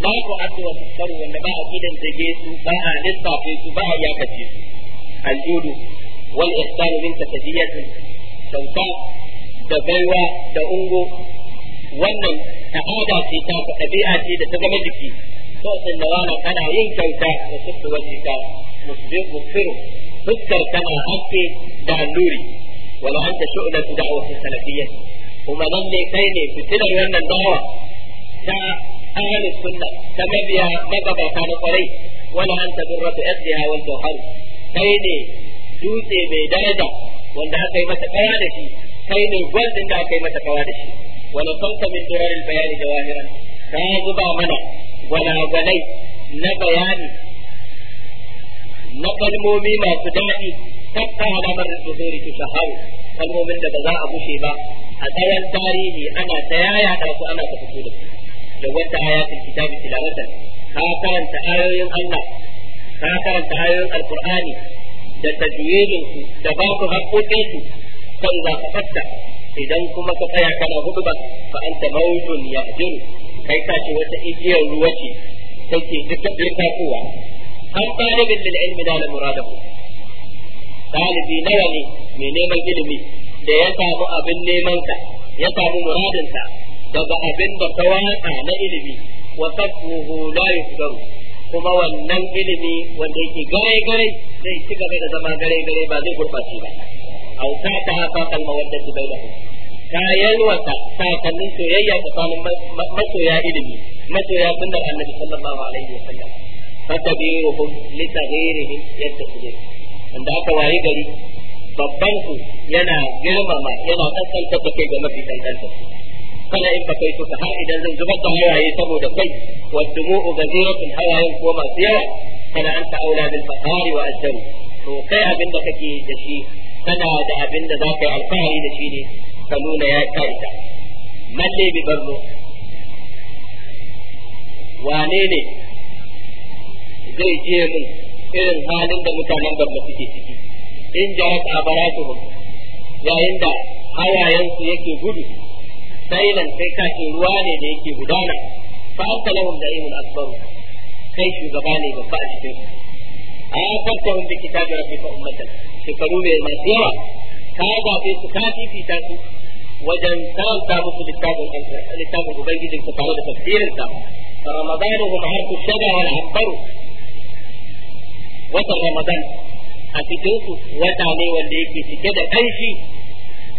ba ku asuwa su karu wanda ba a gidan jage su ba a lissafe su ba a yakace su aljudu wal ihsanu min tafadiyatin sauka da baiwa da ungo wannan ta'ada ce ta ɗabi'a ce da ta zama jiki to sallawana kana yin kyauta da subbu wajhika musbihu firu fuskar kana hakke da alluri ولو أنت شؤلة دعوة السلفية وما ظن كيني في سنة أن الدعوة أهل السنة تمبيا مبقى كان قري ولا أنت درة أهلها والجوهر كيني dutse mai daraja wanda aka yi mata kawa da shi kai ne gwaldin da aka yi mata kawa da shi wala sauta min durarin bayani mana gwalagwalai na bayani na kalmomi masu daɗi hatta ala marar uzuri tu shaharu kalmomin da ba za a bushe ba a tsayan tarihi ana ta yaya da su ana ta fito da da wata ayatul kitabi tilawata ka karanta ayoyin Allah ka karanta ayoyin alqur'ani da tadwilin su da ba ku haƙoƙin su kan za ka fatta idan kuma ka tsaya kana hudu ba fa anta mawjun yahdir kai ka ce wata igiyar ruwa ce take duka duka kowa an talibin lil ilmi da muradahu ɗalibi nawa ne mai neman ilimi da ya samu abin nemansa ya samu muradinsa daga abin da ta wata na ilimi wa kafuhu la yusgaru kuma wannan ilimi wanda yake gare gare zai ci gaba da zama gare gare ba zai gurbace ba au ta ta fa kal mawadda su baina ta yalwata sakannin soyayya tsakanin masoya ilimi masoya sunnar annabi sallallahu alaihi wasallam fa tabiruhum li tahirihim yattasilu inda aka waye gari babban ku yana girmama yana kaskanta da kai ga mafi kankanta kana in kai ku har idan zan zubar da hawaye saboda kai wa dumu'u gaziratun hawayen ko masu yawa kana anta aula bil faqari wa azzam to kai abin da kake da shi kana da abin da za yi alfahari da shi ne ka nuna ya ka malle bi barno wane ne zai je mun irin halin da mutanen barna suke ciki in jarat abaratuhum yayin da hayayensu yake gudu Sai nan sai kace ruwa ne da yake gudana fa anta lahum da'imun akbaru kai shugaba ne babba a cikin su a yakartahum bi kitabi rabbika ummata. shekaru ne masu yawa ka zaɓe su ka fifita su wajen karanta musu littafin littafin ubangijin ku tare da tafsirinsa fa ramadanuhum harfu shada wal akbaru watan ramadan a cikin su wata ne wanda yake cike da ƙarfi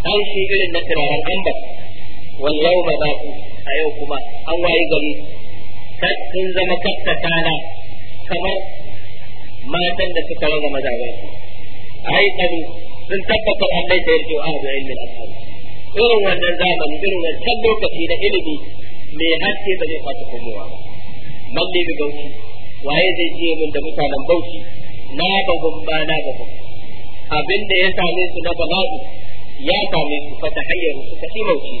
ƙarfi irin na turaren ambar wal yawma ba ku a yau kuma an wayi gari sun zama kattatana kamar matan da suka raga maza ba su ai tsaro sun tabbata Allah da yarjo a da ilmin asali irin wannan zamani irin wannan lokaci na ilimi mai haske ba zai fata komowa ba balle ga gauci waye zai je mun da mutanen bauchi na bagum ba na bagum abin da ya same su na bala'i ya same su fa ta hayyar su ta shi imauci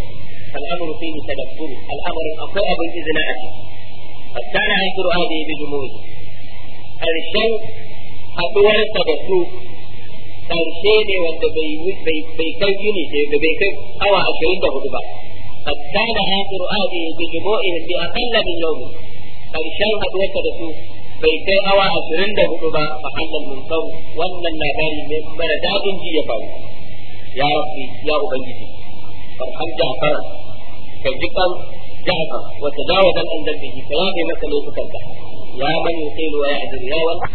al'amuru fi ni tadabburu al'amarin akwai abin izina a ciki hatta na yi a da ya bi jumu'i karshen haɗuwar sa da su karshe ne wanda bai bai kai yini da bai kai awa 24 ba قد كان آخر آدي بجموعهم بأقل من haɗuwar قد da su. bai kai awa ashirin da hudu ba a halal mun sau wannan labari ne mara dadin ji ya faru ya rabbi ya ubangiji farhan ja'far ka ji kan ja'far wa tadawadan an dalbihi ka yafe masa laifukanka ya man yuqilu wa ya'dilu ya yawon.